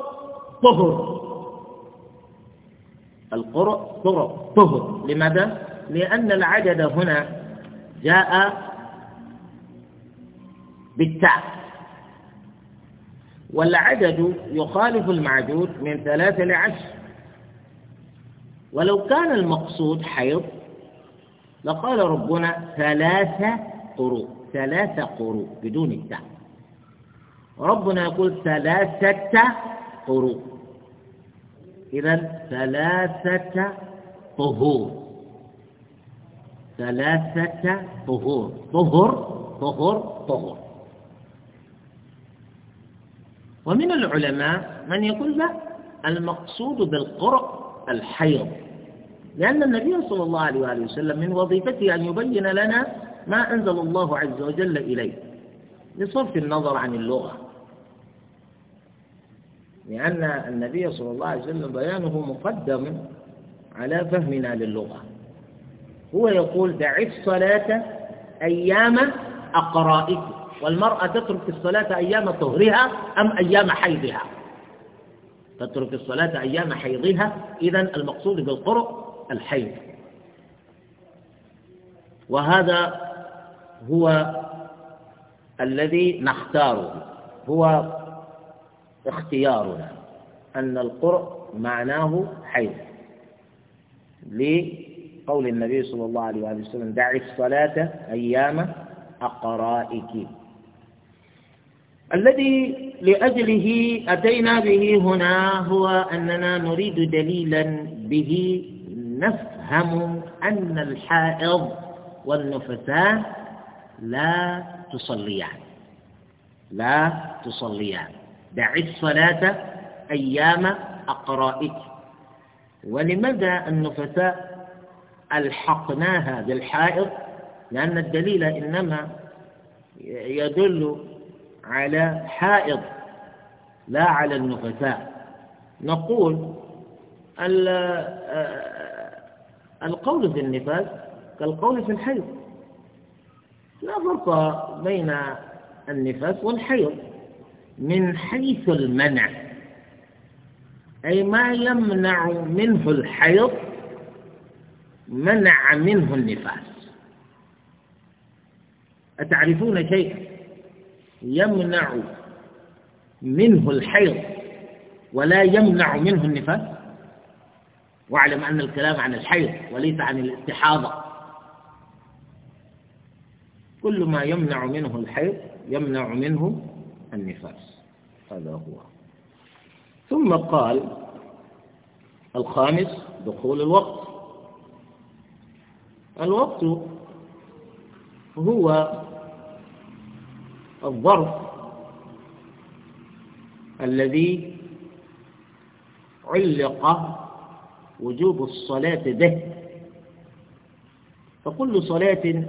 S1: طهر القرء طهر طهر لماذا؟ لأن العدد هنا جاء بالتاء والعدد يخالف المعدود من ثلاثة لعشر ولو كان المقصود حيض لقال ربنا ثلاثة قروء ثلاثة قروء بدون التاء ربنا يقول ثلاثة قروء إذا ثلاثة طهور ثلاثة طهور طهر طهر طهر ومن العلماء من يقول لا المقصود بالقرء الحيض لأن النبي صلى الله عليه وآله وسلم من وظيفته أن يبين لنا ما أنزل الله عز وجل إليه لصرف النظر عن اللغة لأن النبي صلى الله عليه وسلم بيانه مقدم على فهمنا للغة هو يقول دع الصلاة أيام أقرائك والمرأة تترك الصلاة أيام طهرها أم أيام حيضها تترك الصلاة أيام حيضها إذا المقصود بالقرء الحيض وهذا هو الذي نختاره هو اختيارنا أن القرء معناه حيض قول النبي صلى الله عليه وآله وسلم دع الصلاة أيام أقرائك الذي لأجله أتينا به هنا هو أننا نريد دليلا به نفهم أن الحائض والنفساء لا تصليان لا تصليان دع الصلاة أيام أقرائك ولماذا النفساء ألحقناها بالحائط لأن الدليل إنما يدل على حائض لا على النفساء نقول آه، القول في النفاس كالقول في الحيض لا فرق بين النفاس والحيض من حيث المنع أي ما يمنع منه الحيض منع منه النفاس أتعرفون شيء يمنع منه الحيض ولا يمنع منه النفاس واعلم أن الكلام عن الحيض وليس عن الاستحاضة كل ما يمنع منه الحيض يمنع منه النفاس هذا هو ثم قال الخامس دخول الوقت الوقت هو الظرف الذي علق وجوب الصلاة به فكل صلاة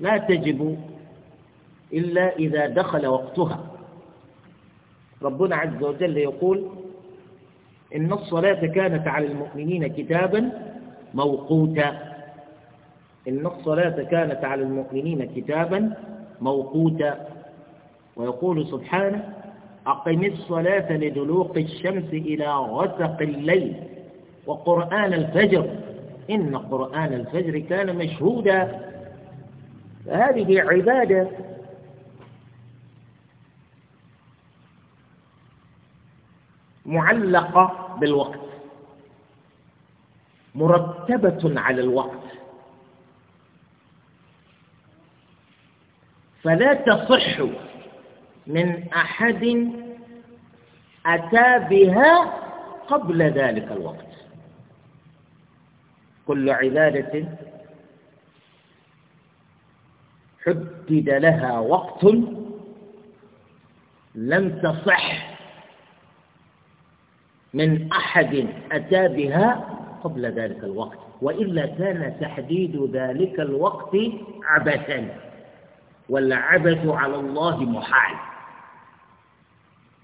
S1: لا تجب إلا إذا دخل وقتها ربنا عز وجل يقول إن الصلاة كانت على المؤمنين كتابا موقوتا إن الصلاة كانت على المؤمنين كتابا موقوتا ويقول سبحانه أقم الصلاة لدلوق الشمس إلى غسق الليل وقرآن الفجر إن قرآن الفجر كان مشهودا فهذه عبادة معلقة بالوقت مرتبة على الوقت فلا تصح من أحد أتى بها قبل ذلك الوقت كل عبادة حدد لها وقت لم تصح من أحد أتى بها قبل ذلك الوقت وإلا كان تحديد ذلك الوقت عبثا والعبث على الله محال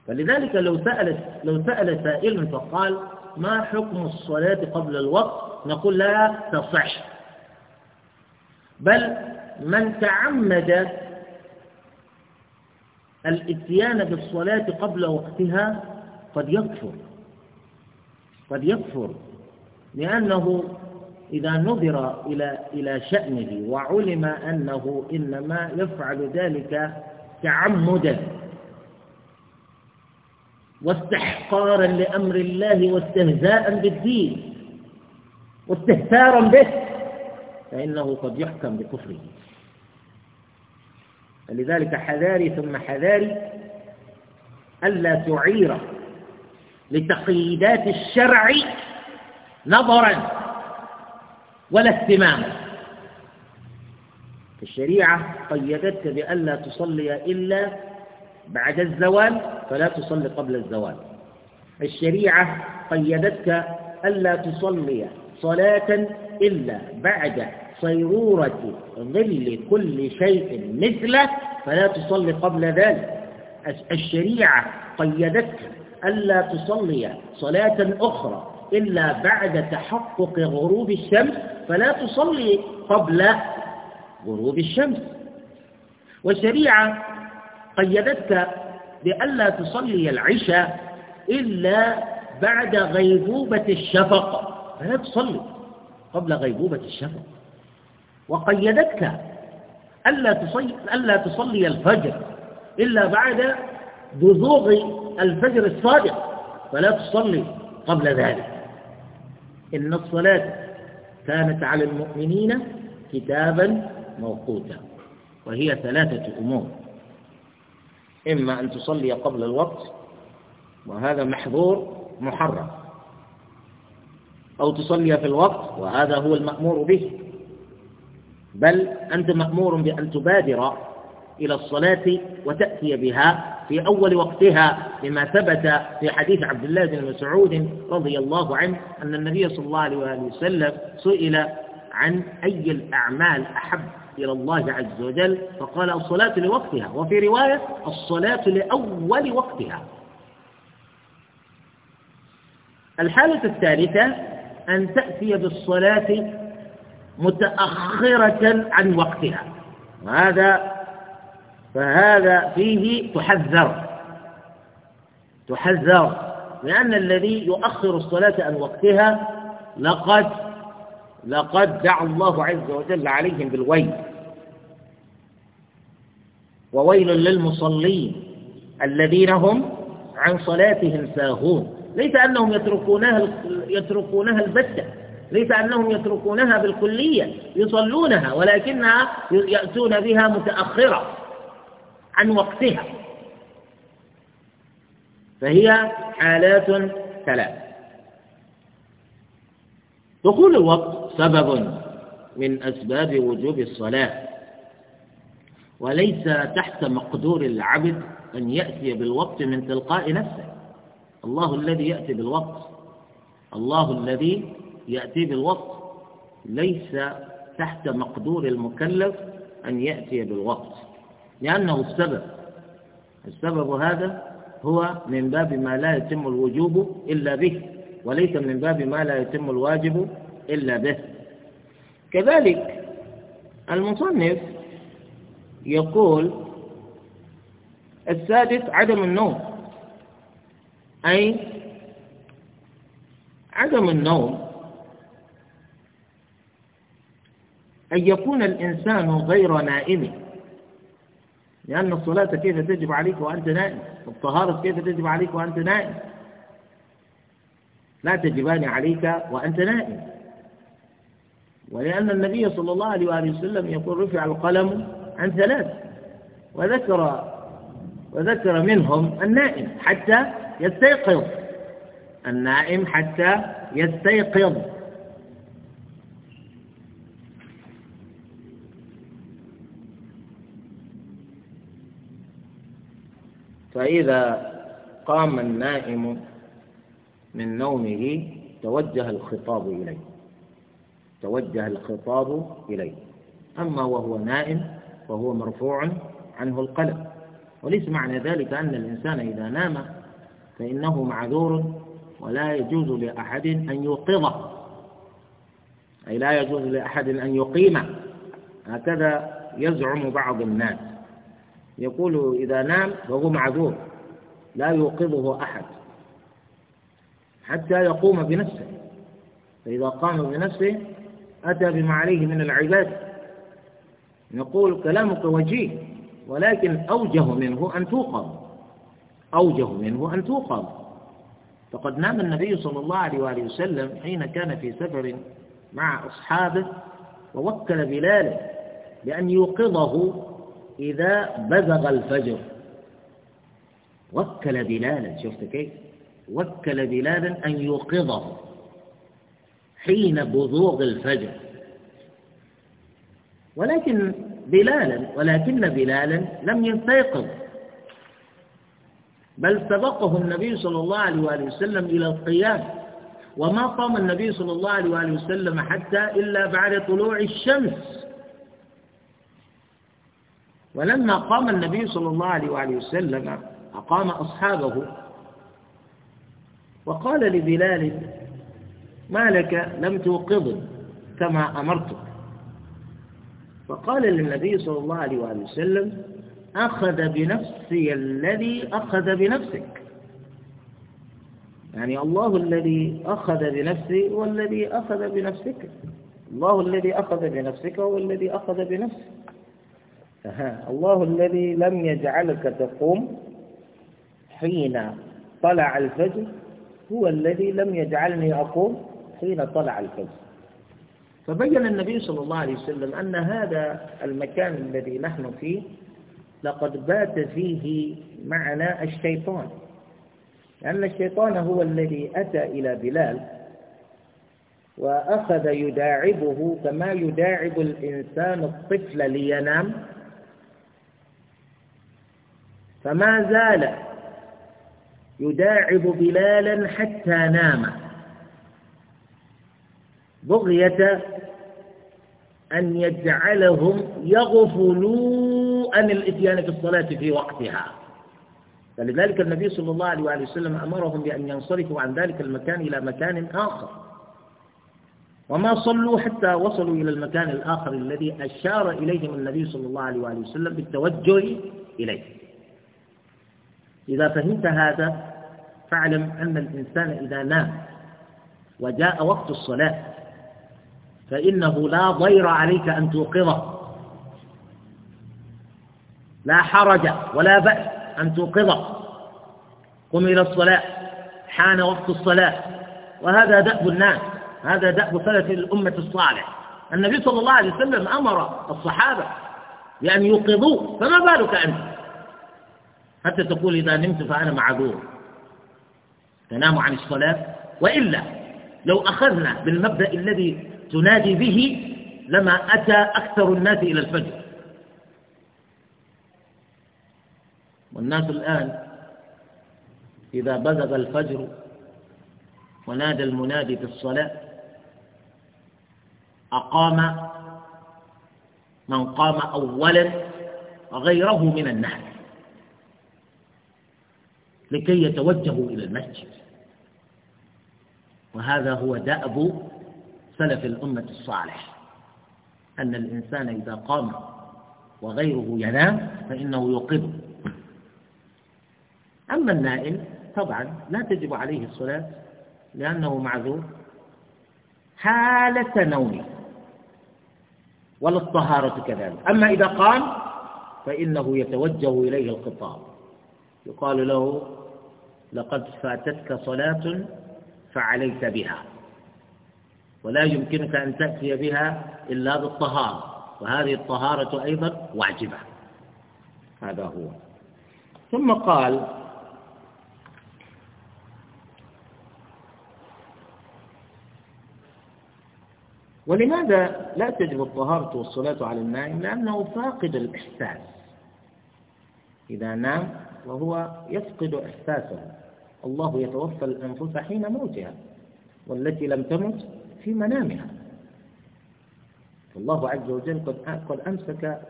S1: فلذلك لو سأل لو سأل سائل فقال ما حكم الصلاة قبل الوقت نقول لا تصح بل من تعمد الاتيان بالصلاة قبل وقتها قد يكفر قد يكفر لأنه إذا نظر إلى إلى شأنه وعلم أنه إنما يفعل ذلك تعمدا واستحقارا لأمر الله واستهزاء بالدين واستهتارا به فإنه قد يحكم بكفره فلذلك حذاري ثم حذاري ألا تعير لتقييدات الشرع نظرا ولا اهتماما الشريعة قيدتك بألا تصلي إلا بعد الزوال فلا تصلي قبل الزوال الشريعة قيدتك ألا تصلي صلاة إلا بعد صيرورة ظل كل شيء مثله فلا تصلي قبل ذلك الشريعة قيدتك ألا تصلي صلاة أخرى إلا بعد تحقق غروب الشمس فلا تصلي قبل غروب الشمس والشريعة قيدتك بألا تصلي العشاء إلا بعد غيبوبة الشفق فلا تصلي قبل غيبوبة الشفق وقيدتك ألا تصلي, ألا تصلي الفجر إلا بعد بزوغ الفجر الصادق فلا تصلي قبل ذلك إن الصلاة كانت على المؤمنين كتابا موقوتا وهي ثلاثة أمور إما أن تصلي قبل الوقت وهذا محظور محرم أو تصلي في الوقت وهذا هو المأمور به بل أنت مأمور بأن تبادر إلى الصلاة وتأتي بها في أول وقتها لما ثبت في حديث عبد الله بن مسعود رضي الله عنه أن النبي صلى الله عليه وآله وسلم سئل عن أي الأعمال أحب إلى الله عز وجل فقال الصلاة لوقتها وفي رواية الصلاة لأول وقتها الحالة الثالثة أن تأتي بالصلاة
S2: متأخرة
S1: عن وقتها وهذا فهذا فيه تحذر تحذر لأن الذي يؤخر الصلاة عن وقتها لقد لقد دعا الله عز وجل عليهم بالويل وويل للمصلين الذين هم عن صلاتهم ساهون ليس أنهم يتركونها يتركونها البتة ليس أنهم يتركونها بالكلية يصلونها ولكنها يأتون بها متأخرة عن وقتها فهي حالات ثلاث دخول الوقت سبب من أسباب وجوب الصلاة وليس تحت مقدور العبد أن يأتي بالوقت من تلقاء نفسه الله الذي يأتي بالوقت الله الذي يأتي بالوقت ليس تحت مقدور المكلف أن يأتي بالوقت لأنه السبب السبب هذا هو من باب ما لا يتم الوجوب إلا به وليس من باب ما لا يتم الواجب إلا به كذلك المصنف يقول السادس عدم النوم أي عدم النوم أن يكون الإنسان غير نائم لأن الصلاة كيف تجب عليك وأنت نائم والطهارة كيف تجب عليك وأنت نائم لا تجبان عليك وأنت نائم ولأن النبي صلى الله عليه وآله وسلم يقول رفع القلم عن ثلاث وذكر وذكر منهم النائم حتى يستيقظ النائم حتى يستيقظ فإذا قام النائم من نومه توجه الخطاب إليه توجه الخطاب إليه أما وهو نائم فهو مرفوع عنه القلم وليس معنى ذلك أن الإنسان إذا نام فإنه معذور ولا يجوز لأحد أن يوقظه أي لا يجوز لأحد أن يقيمه هكذا يزعم بعض الناس يقول إذا نام فهو معذور لا يوقظه أحد حتى يقوم بنفسه فإذا قام بنفسه أتى بما عليه من العبادة نقول كلامك وجيه ولكن أوجه منه أن توقظ أوجه منه أن توقظ فقد نام النبي صلى الله عليه وآله وسلم حين كان في سفر مع أصحابه ووكل بلاله بأن يوقظه إذا بزغ الفجر وكل بلالا شفت كيف وكل بلالا أن يوقظه حين بزوغ الفجر ولكن بلالا ولكن بلالا لم يستيقظ بل سبقه النبي صلى الله عليه وآله وسلم إلى القيام وما قام النبي صلى الله عليه وآله وسلم حتى إلا بعد طلوع الشمس ولما قام النبي صلى الله عليه وآله وسلم أقام أصحابه وقال لبلال ما لك لم توقظني كما أمرتك فقال للنبي صلى الله عليه وآله وسلم أخذ بنفسي الذي أخذ بنفسك يعني الله الذي أخذ بنفسي والذي أخذ بنفسك الله الذي أخذ بنفسك هو الذي أخذ بنفسك الله الذي لم يجعلك تقوم حين طلع الفجر هو الذي لم يجعلني أقوم حين طلع الفجر فبين النبي صلى الله عليه وسلم أن هذا المكان الذي نحن فيه لقد بات فيه معنا الشيطان لأن الشيطان هو الذي أتى إلى بلال وأخذ يداعبه كما يداعب الإنسان الطفل لينام فما زال يداعب بلالا حتى نام بغية أن يجعلهم يغفلوا عن الإتيان في الصلاة في وقتها فلذلك النبي صلى الله عليه وآله وسلم أمرهم بأن ينصرفوا عن ذلك المكان إلى مكان آخر وما صلوا حتى وصلوا إلى المكان الآخر الذي أشار إليهم النبي صلى الله عليه وآله وسلم بالتوجه إليه إذا فهمت هذا فاعلم أن الإنسان إذا نام وجاء وقت الصلاة فإنه لا ضير عليك أن توقظه لا حرج ولا بأس أن توقظه قم إلى الصلاة حان وقت الصلاة وهذا دأب الناس هذا دأب سلف الأمة الصالح النبي صلى الله عليه وسلم أمر الصحابة بأن يوقظوه فما بالك أنت حتى تقول إذا نمت فأنا معذور تنام عن الصلاة وإلا لو أخذنا بالمبدأ الذي تنادي به لما أتى أكثر الناس إلى الفجر والناس الآن إذا بزغ الفجر ونادى المنادي في الصلاة أقام من قام أولا وغيره من الناس لكي يتوجهوا إلى المسجد وهذا هو دأب سلف الأمة الصالح أن الإنسان إذا قام وغيره ينام فإنه يوقظه أما النائم طبعا لا تجب عليه الصلاة لأنه معذور حالة نومه وللطهارة كذلك أما إذا قام فإنه يتوجه إليه القطار يقال له لقد فاتتك صلاة فعليك بها ولا يمكنك أن تأتي بها إلا بالطهارة وهذه الطهارة أيضا واجبة هذا هو ثم قال ولماذا لا تجب الطهارة والصلاة على النائم لأنه فاقد الإحساس إذا نام وهو يفقد إحساسه الله يتوفى الأنفس حين موتها والتي لم تمت في منامها فالله عز وجل قد أمسك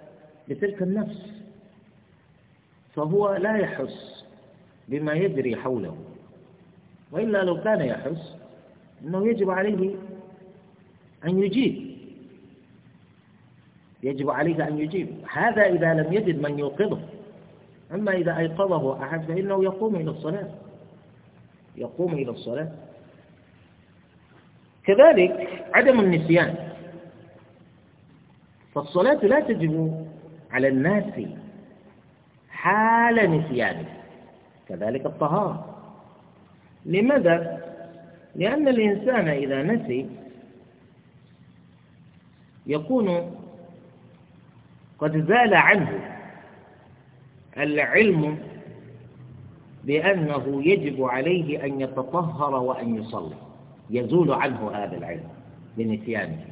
S1: بتلك النفس فهو لا يحس بما يجري حوله وإلا لو كان يحس أنه يجب عليه أن يجيب يجب عليه أن يجيب هذا إذا لم يجد من يوقظه أما إذا أيقظه أحد فإنه يقوم إلى الصلاة يقوم إلى الصلاة كذلك عدم النسيان فالصلاة لا تجب على الناس حال نسيانه كذلك الطهارة لماذا؟ لأن الإنسان إذا نسي يكون قد زال عنه العلم بأنه يجب عليه أن يتطهر وأن يصلي يزول عنه هذا العلم بنسيانه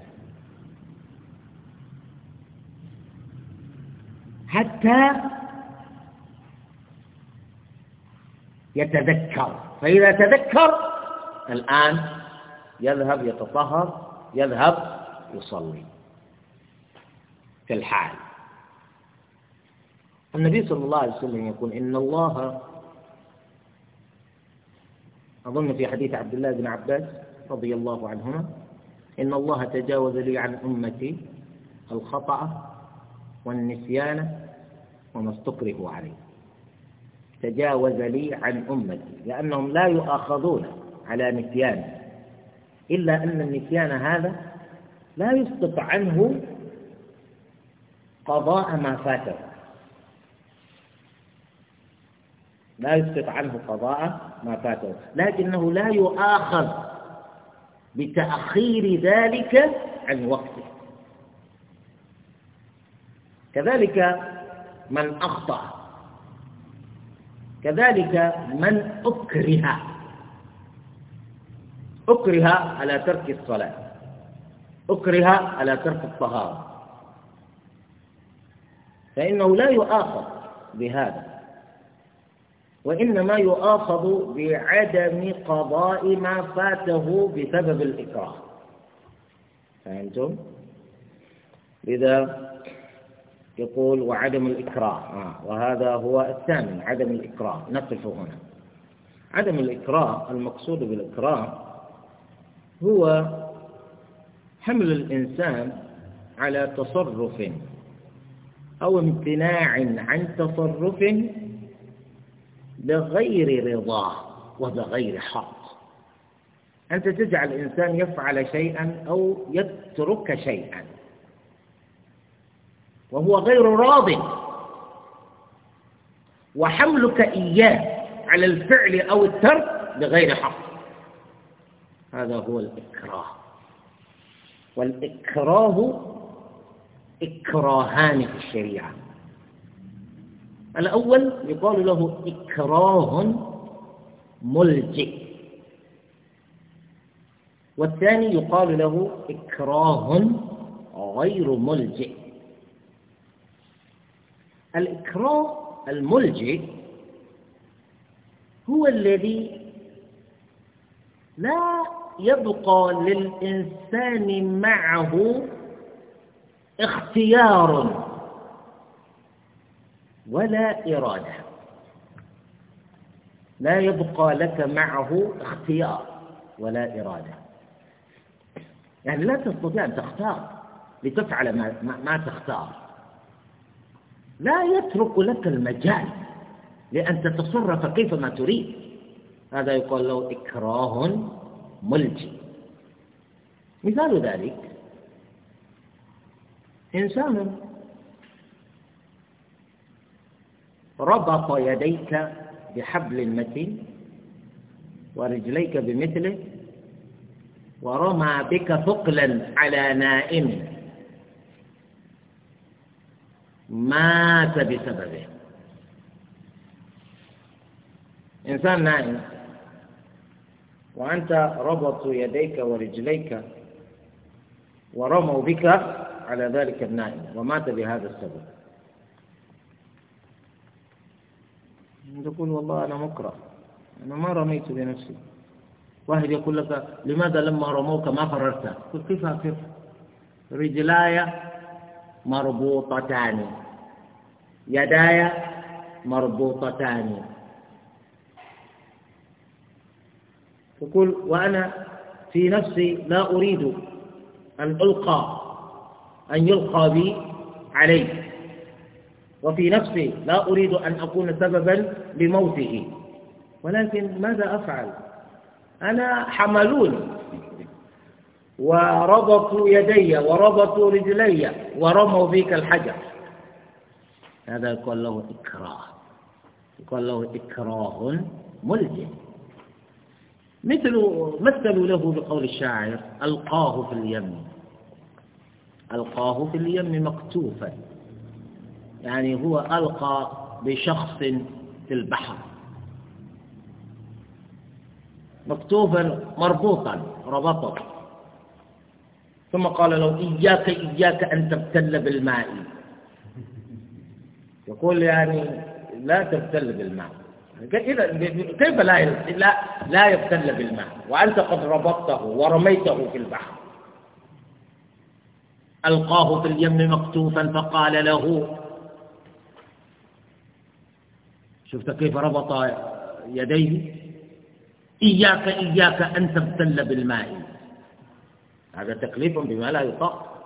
S2: حتى
S1: يتذكر فإذا تذكر الآن يذهب يتطهر يذهب يصلي في الحال النبي صلى الله عليه وسلم يقول إن الله أظن في حديث عبد الله بن عباس رضي الله عنهما إن الله تجاوز لي عن أمتي الخطأ والنسيان وما استكرهوا عليه تجاوز لي عن أمتي لأنهم لا يؤاخذون على نسيان إلا أن النسيان هذا لا يسقط عنه قضاء ما فاته لا يسقط عنه قضاء ما فاته لكنه لا يؤاخذ بتأخير ذلك عن وقته كذلك من أخطأ كذلك من أكره أكره على ترك الصلاة أكره على ترك الطهارة فإنه لا يؤاخذ بهذا وإنما يؤاخذ بعدم قضاء ما فاته بسبب الإكراه فهمتم؟ لذا يقول وعدم الإكراه آه وهذا هو الثامن عدم الإكراه نقف هنا عدم الإكراه المقصود بالإكراه هو حمل الإنسان على تصرف أو امتناع عن تصرف بغير رضاه وبغير حق أنت تجعل الإنسان يفعل شيئا أو يترك شيئا وهو غير راض وحملك إياه على الفعل أو الترك بغير حق هذا هو الإكراه والإكراه إكراهان في الشريعة الأول يقال له إكراه ملجئ والثاني يقال له إكراه غير ملجئ الإكراه الملجئ هو الذي لا يبقى للإنسان معه اختيار ولا إرادة لا يبقى لك معه اختيار ولا إرادة يعني لا تستطيع أن تختار لتفعل ما, ما تختار لا يترك لك المجال لأن تتصرف كيفما تريد هذا يقال له إكراه ملجي مثال ذلك إنسان ربط يديك بحبل متين ورجليك بمثله ورمى بك ثقلا على نائم مات بسببه إنسان نائم وأنت ربط يديك ورجليك ورموا بك على ذلك النائم ومات بهذا السبب تقول والله أنا مكره أنا ما رميت بنفسي واحد يقول لك لماذا لما رموك ما فررت قل كيف أفر رجلاي مربوطتان يداي مربوطتان تقول وأنا في نفسي لا أريد أن ألقى أن يلقى بي عليه وفي نفسي لا أريد أن أكون سببا لموته ولكن ماذا أفعل أنا حملون وربطوا يدي وربطوا رجلي ورموا بك الحجر هذا يقال له إكراه يقال له إكراه ملجم مثل مثلوا له بقول الشاعر ألقاه في اليم ألقاه في اليم مكتوفا يعني هو ألقى بشخص في البحر مكتوبا مربوطا ربطه ثم قال له إياك إياك أن تبتل بالماء يقول يعني لا تبتل بالماء كيف لا لا لا يبتل بالماء وأنت قد ربطته ورميته في البحر ألقاه في اليم مكتوفا فقال له شفت كيف ربط يديه إياك إياك أن تبتل بالماء هذا تكليف بما لا يطاق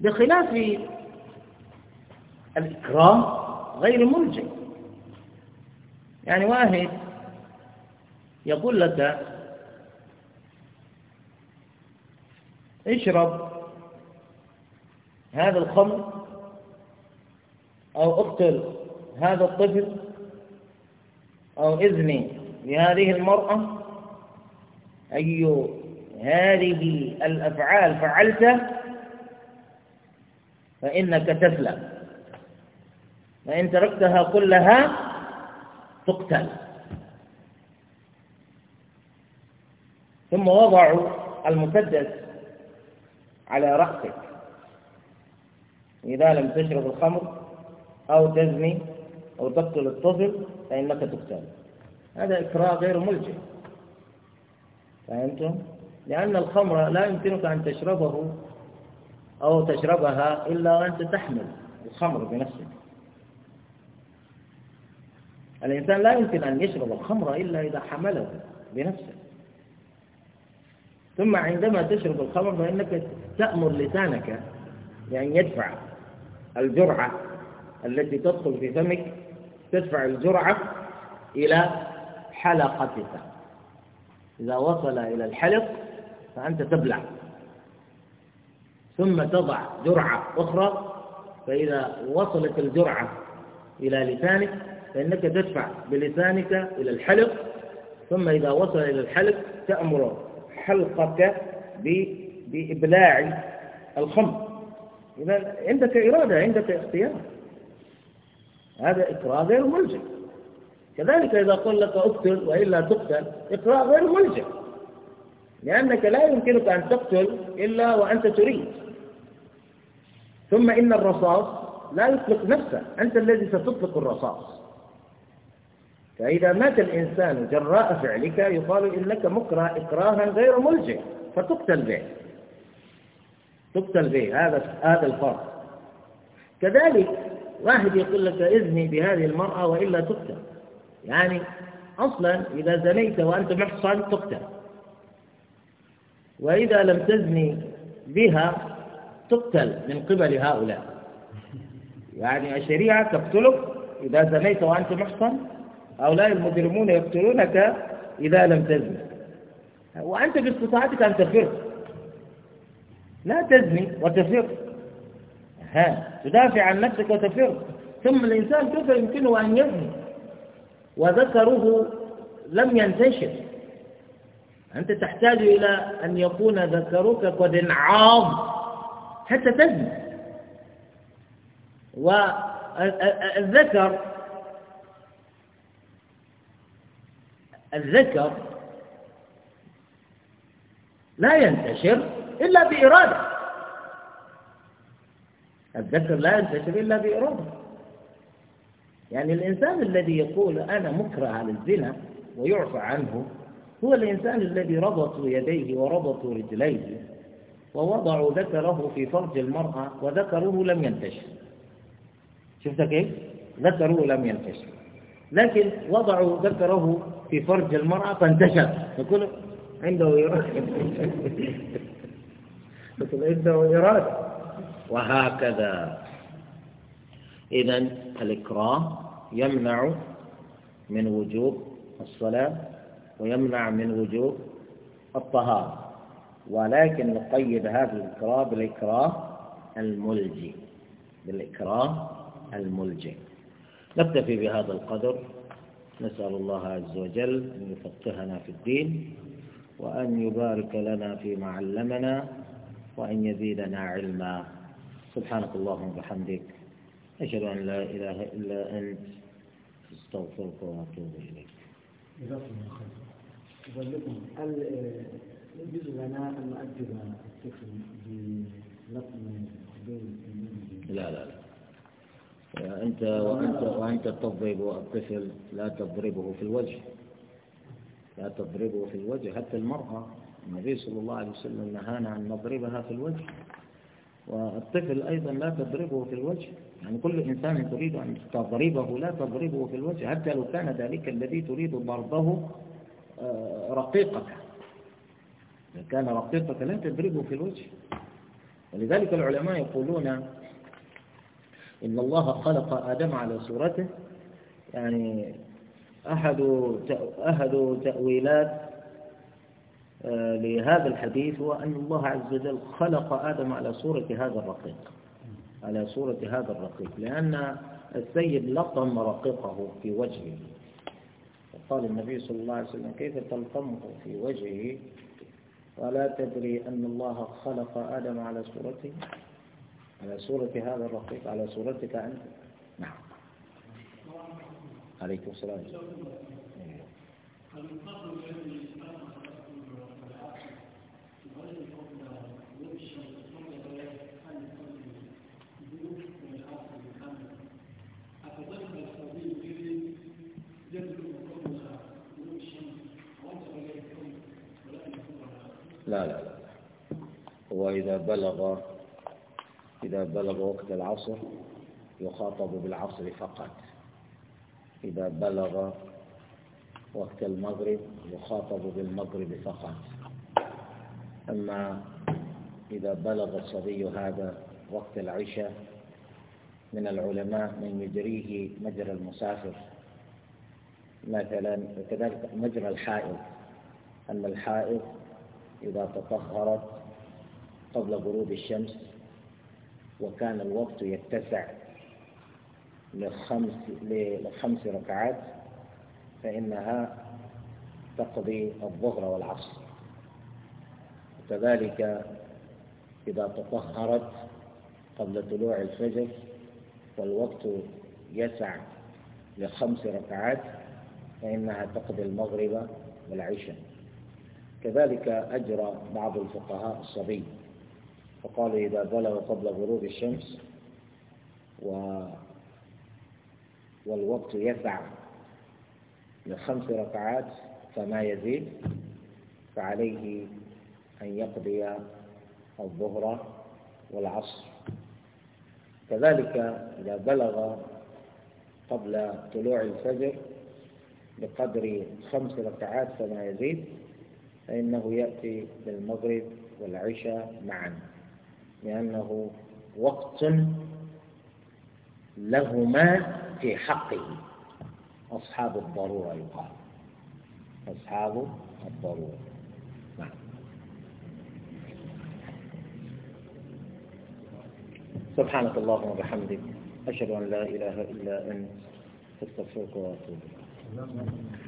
S1: بخلاف الإكرام غير ملجئ يعني واحد يقول لك اشرب هذا الخمر أو اقتل هذا الطفل أو إذن لهذه المرأة أي هذه الأفعال فعلتها فإنك تسلم فإن تركتها كلها تقتل ثم وضعوا المسدس على رأسك إذا لم تشرب الخمر أو تزني أو تقتل الطفل فإنك تقتل هذا إكراه غير ملجئ فهمتم؟ لأن الخمر لا يمكنك أن تشربه أو تشربها إلا وأنت تحمل الخمر بنفسك الإنسان لا يمكن أن يشرب الخمر إلا إذا حمله بنفسه ثم عندما تشرب الخمر فإنك تأمر لسانك بأن يعني يدفع الجرعة التي تدخل في فمك تدفع الجرعة إلى حلقتك إذا وصل إلى الحلق فأنت تبلع ثم تضع جرعة أخرى فإذا وصلت الجرعة إلى لسانك فإنك تدفع بلسانك إلى الحلق ثم إذا وصل إلى الحلق تأمر حلقك بإبلاع الخمر إذا عندك إرادة عندك اختيار هذا إقرار غير ملزم كذلك إذا قل لك اقتل وإلا تقتل إقرار غير ملزم لأنك لا يمكنك أن تقتل إلا وأنت تريد ثم إن الرصاص لا يطلق نفسه أنت الذي ستطلق الرصاص فإذا مات الإنسان جراء فعلك يقال إنك مكره إكراها غير ملزم فتقتل به تقتل به هذا هذا الفرق كذلك واحد يقول لك اذني بهذه المرأة وإلا تقتل يعني أصلا إذا زنيت وأنت محصن تقتل وإذا لم تزني بها تقتل من قبل هؤلاء يعني الشريعة تقتلك إذا زنيت وأنت محصن هؤلاء المجرمون يقتلونك إذا لم تزني وأنت باستطاعتك أن تفر لا تزني وتفر ها تدافع عن نفسك وتفر ثم الإنسان كيف يمكنه أن يذهب وذكره لم ينتشر أنت تحتاج إلى أن يكون ذكرك قد انعاض حتى تذهب والذكر الذكر لا ينتشر إلا بإرادة الذكر لا ينتشر إلا بإرادة يعني الإنسان الذي يقول أنا مكره على الزنا ويعفى عنه هو الإنسان الذي ربطوا يديه وربطوا رجليه ووضعوا ذكره في فرج المرأة وذكره لم ينتشر شفت كيف؟ ذكره لم ينتشر لكن وضعوا ذكره في فرج المرأة فانتشر يقول عنده إرادة عنده إرادة وهكذا إذا الإكراه يمنع من وجوب الصلاة ويمنع من وجوب الطهارة ولكن نقيد هذا الإكراه بالإكراه الملجي بالإكراه الملجي نكتفي بهذا القدر نسأل الله عز وجل أن يفقهنا في الدين وأن يبارك لنا فيما علمنا وأن يزيدنا علما سبحانك اللهم وبحمدك أشهد أن لا إله إلا أنت استغفرك وأتوب إليك جزاكم الله آه، يجوز لنا أن نؤدب الطفل بلطم لا لا لا أنت وأنت وأنت تضرب الطفل لا تضربه في الوجه لا تضربه في الوجه حتى المرأة النبي صلى الله عليه وسلم نهانا أن نضربها في الوجه والطفل أيضا لا تضربه في الوجه يعني كل إنسان تريد أن تضربه لا تضربه في الوجه حتى لو كان ذلك الذي تريد ضربه آه، رقيقك إذا كان رقيقك لا تضربه في الوجه ولذلك العلماء يقولون إن الله خلق آدم على صورته يعني أحد أحد تأويلات لهذا الحديث هو أن الله عز وجل خلق آدم على صورة هذا الرقيق على صورة هذا الرقيق لأن السيد لطم رقيقه في وجهه قال النبي صلى الله عليه وسلم كيف تلطمه في وجهه ولا تدري أن الله خلق آدم على صورته على صورة هذا الرقيق على صورتك أنت نعم
S2: عليكم السلام لا لا
S1: وإذا بلغ إذا بلغ وقت العصر يخاطب بالعصر فقط إذا بلغ وقت المغرب يخاطب بالمغرب فقط أما إذا بلغ الصبي هذا وقت العشاء من العلماء من يجريه مجرى المسافر مثلا وكذلك مجرى الحائض أن الحائض إذا تطهرت قبل غروب الشمس وكان الوقت يتسع لخمس لخمس ركعات فإنها تقضي الظهر والعصر كذلك إذا تطهرت قبل طلوع الفجر والوقت يسع لخمس ركعات فإنها تقضي المغرب والعشاء كذلك أجرى بعض الفقهاء الصبي فقالوا إذا بلغ قبل غروب الشمس و والوقت يسع لخمس ركعات فما يزيد فعليه أن يقضي الظهر والعصر كذلك إذا بلغ قبل طلوع الفجر بقدر خمس ركعات فما يزيد فإنه يأتي بالمغرب والعشاء معا لأنه وقت لهما في حقه أصحاب الضرورة يقال أصحاب الضرورة سبحانك اللهم وبحمدك أشهد أن لا إله إلا أنت استغفرك وأتوب
S2: إليك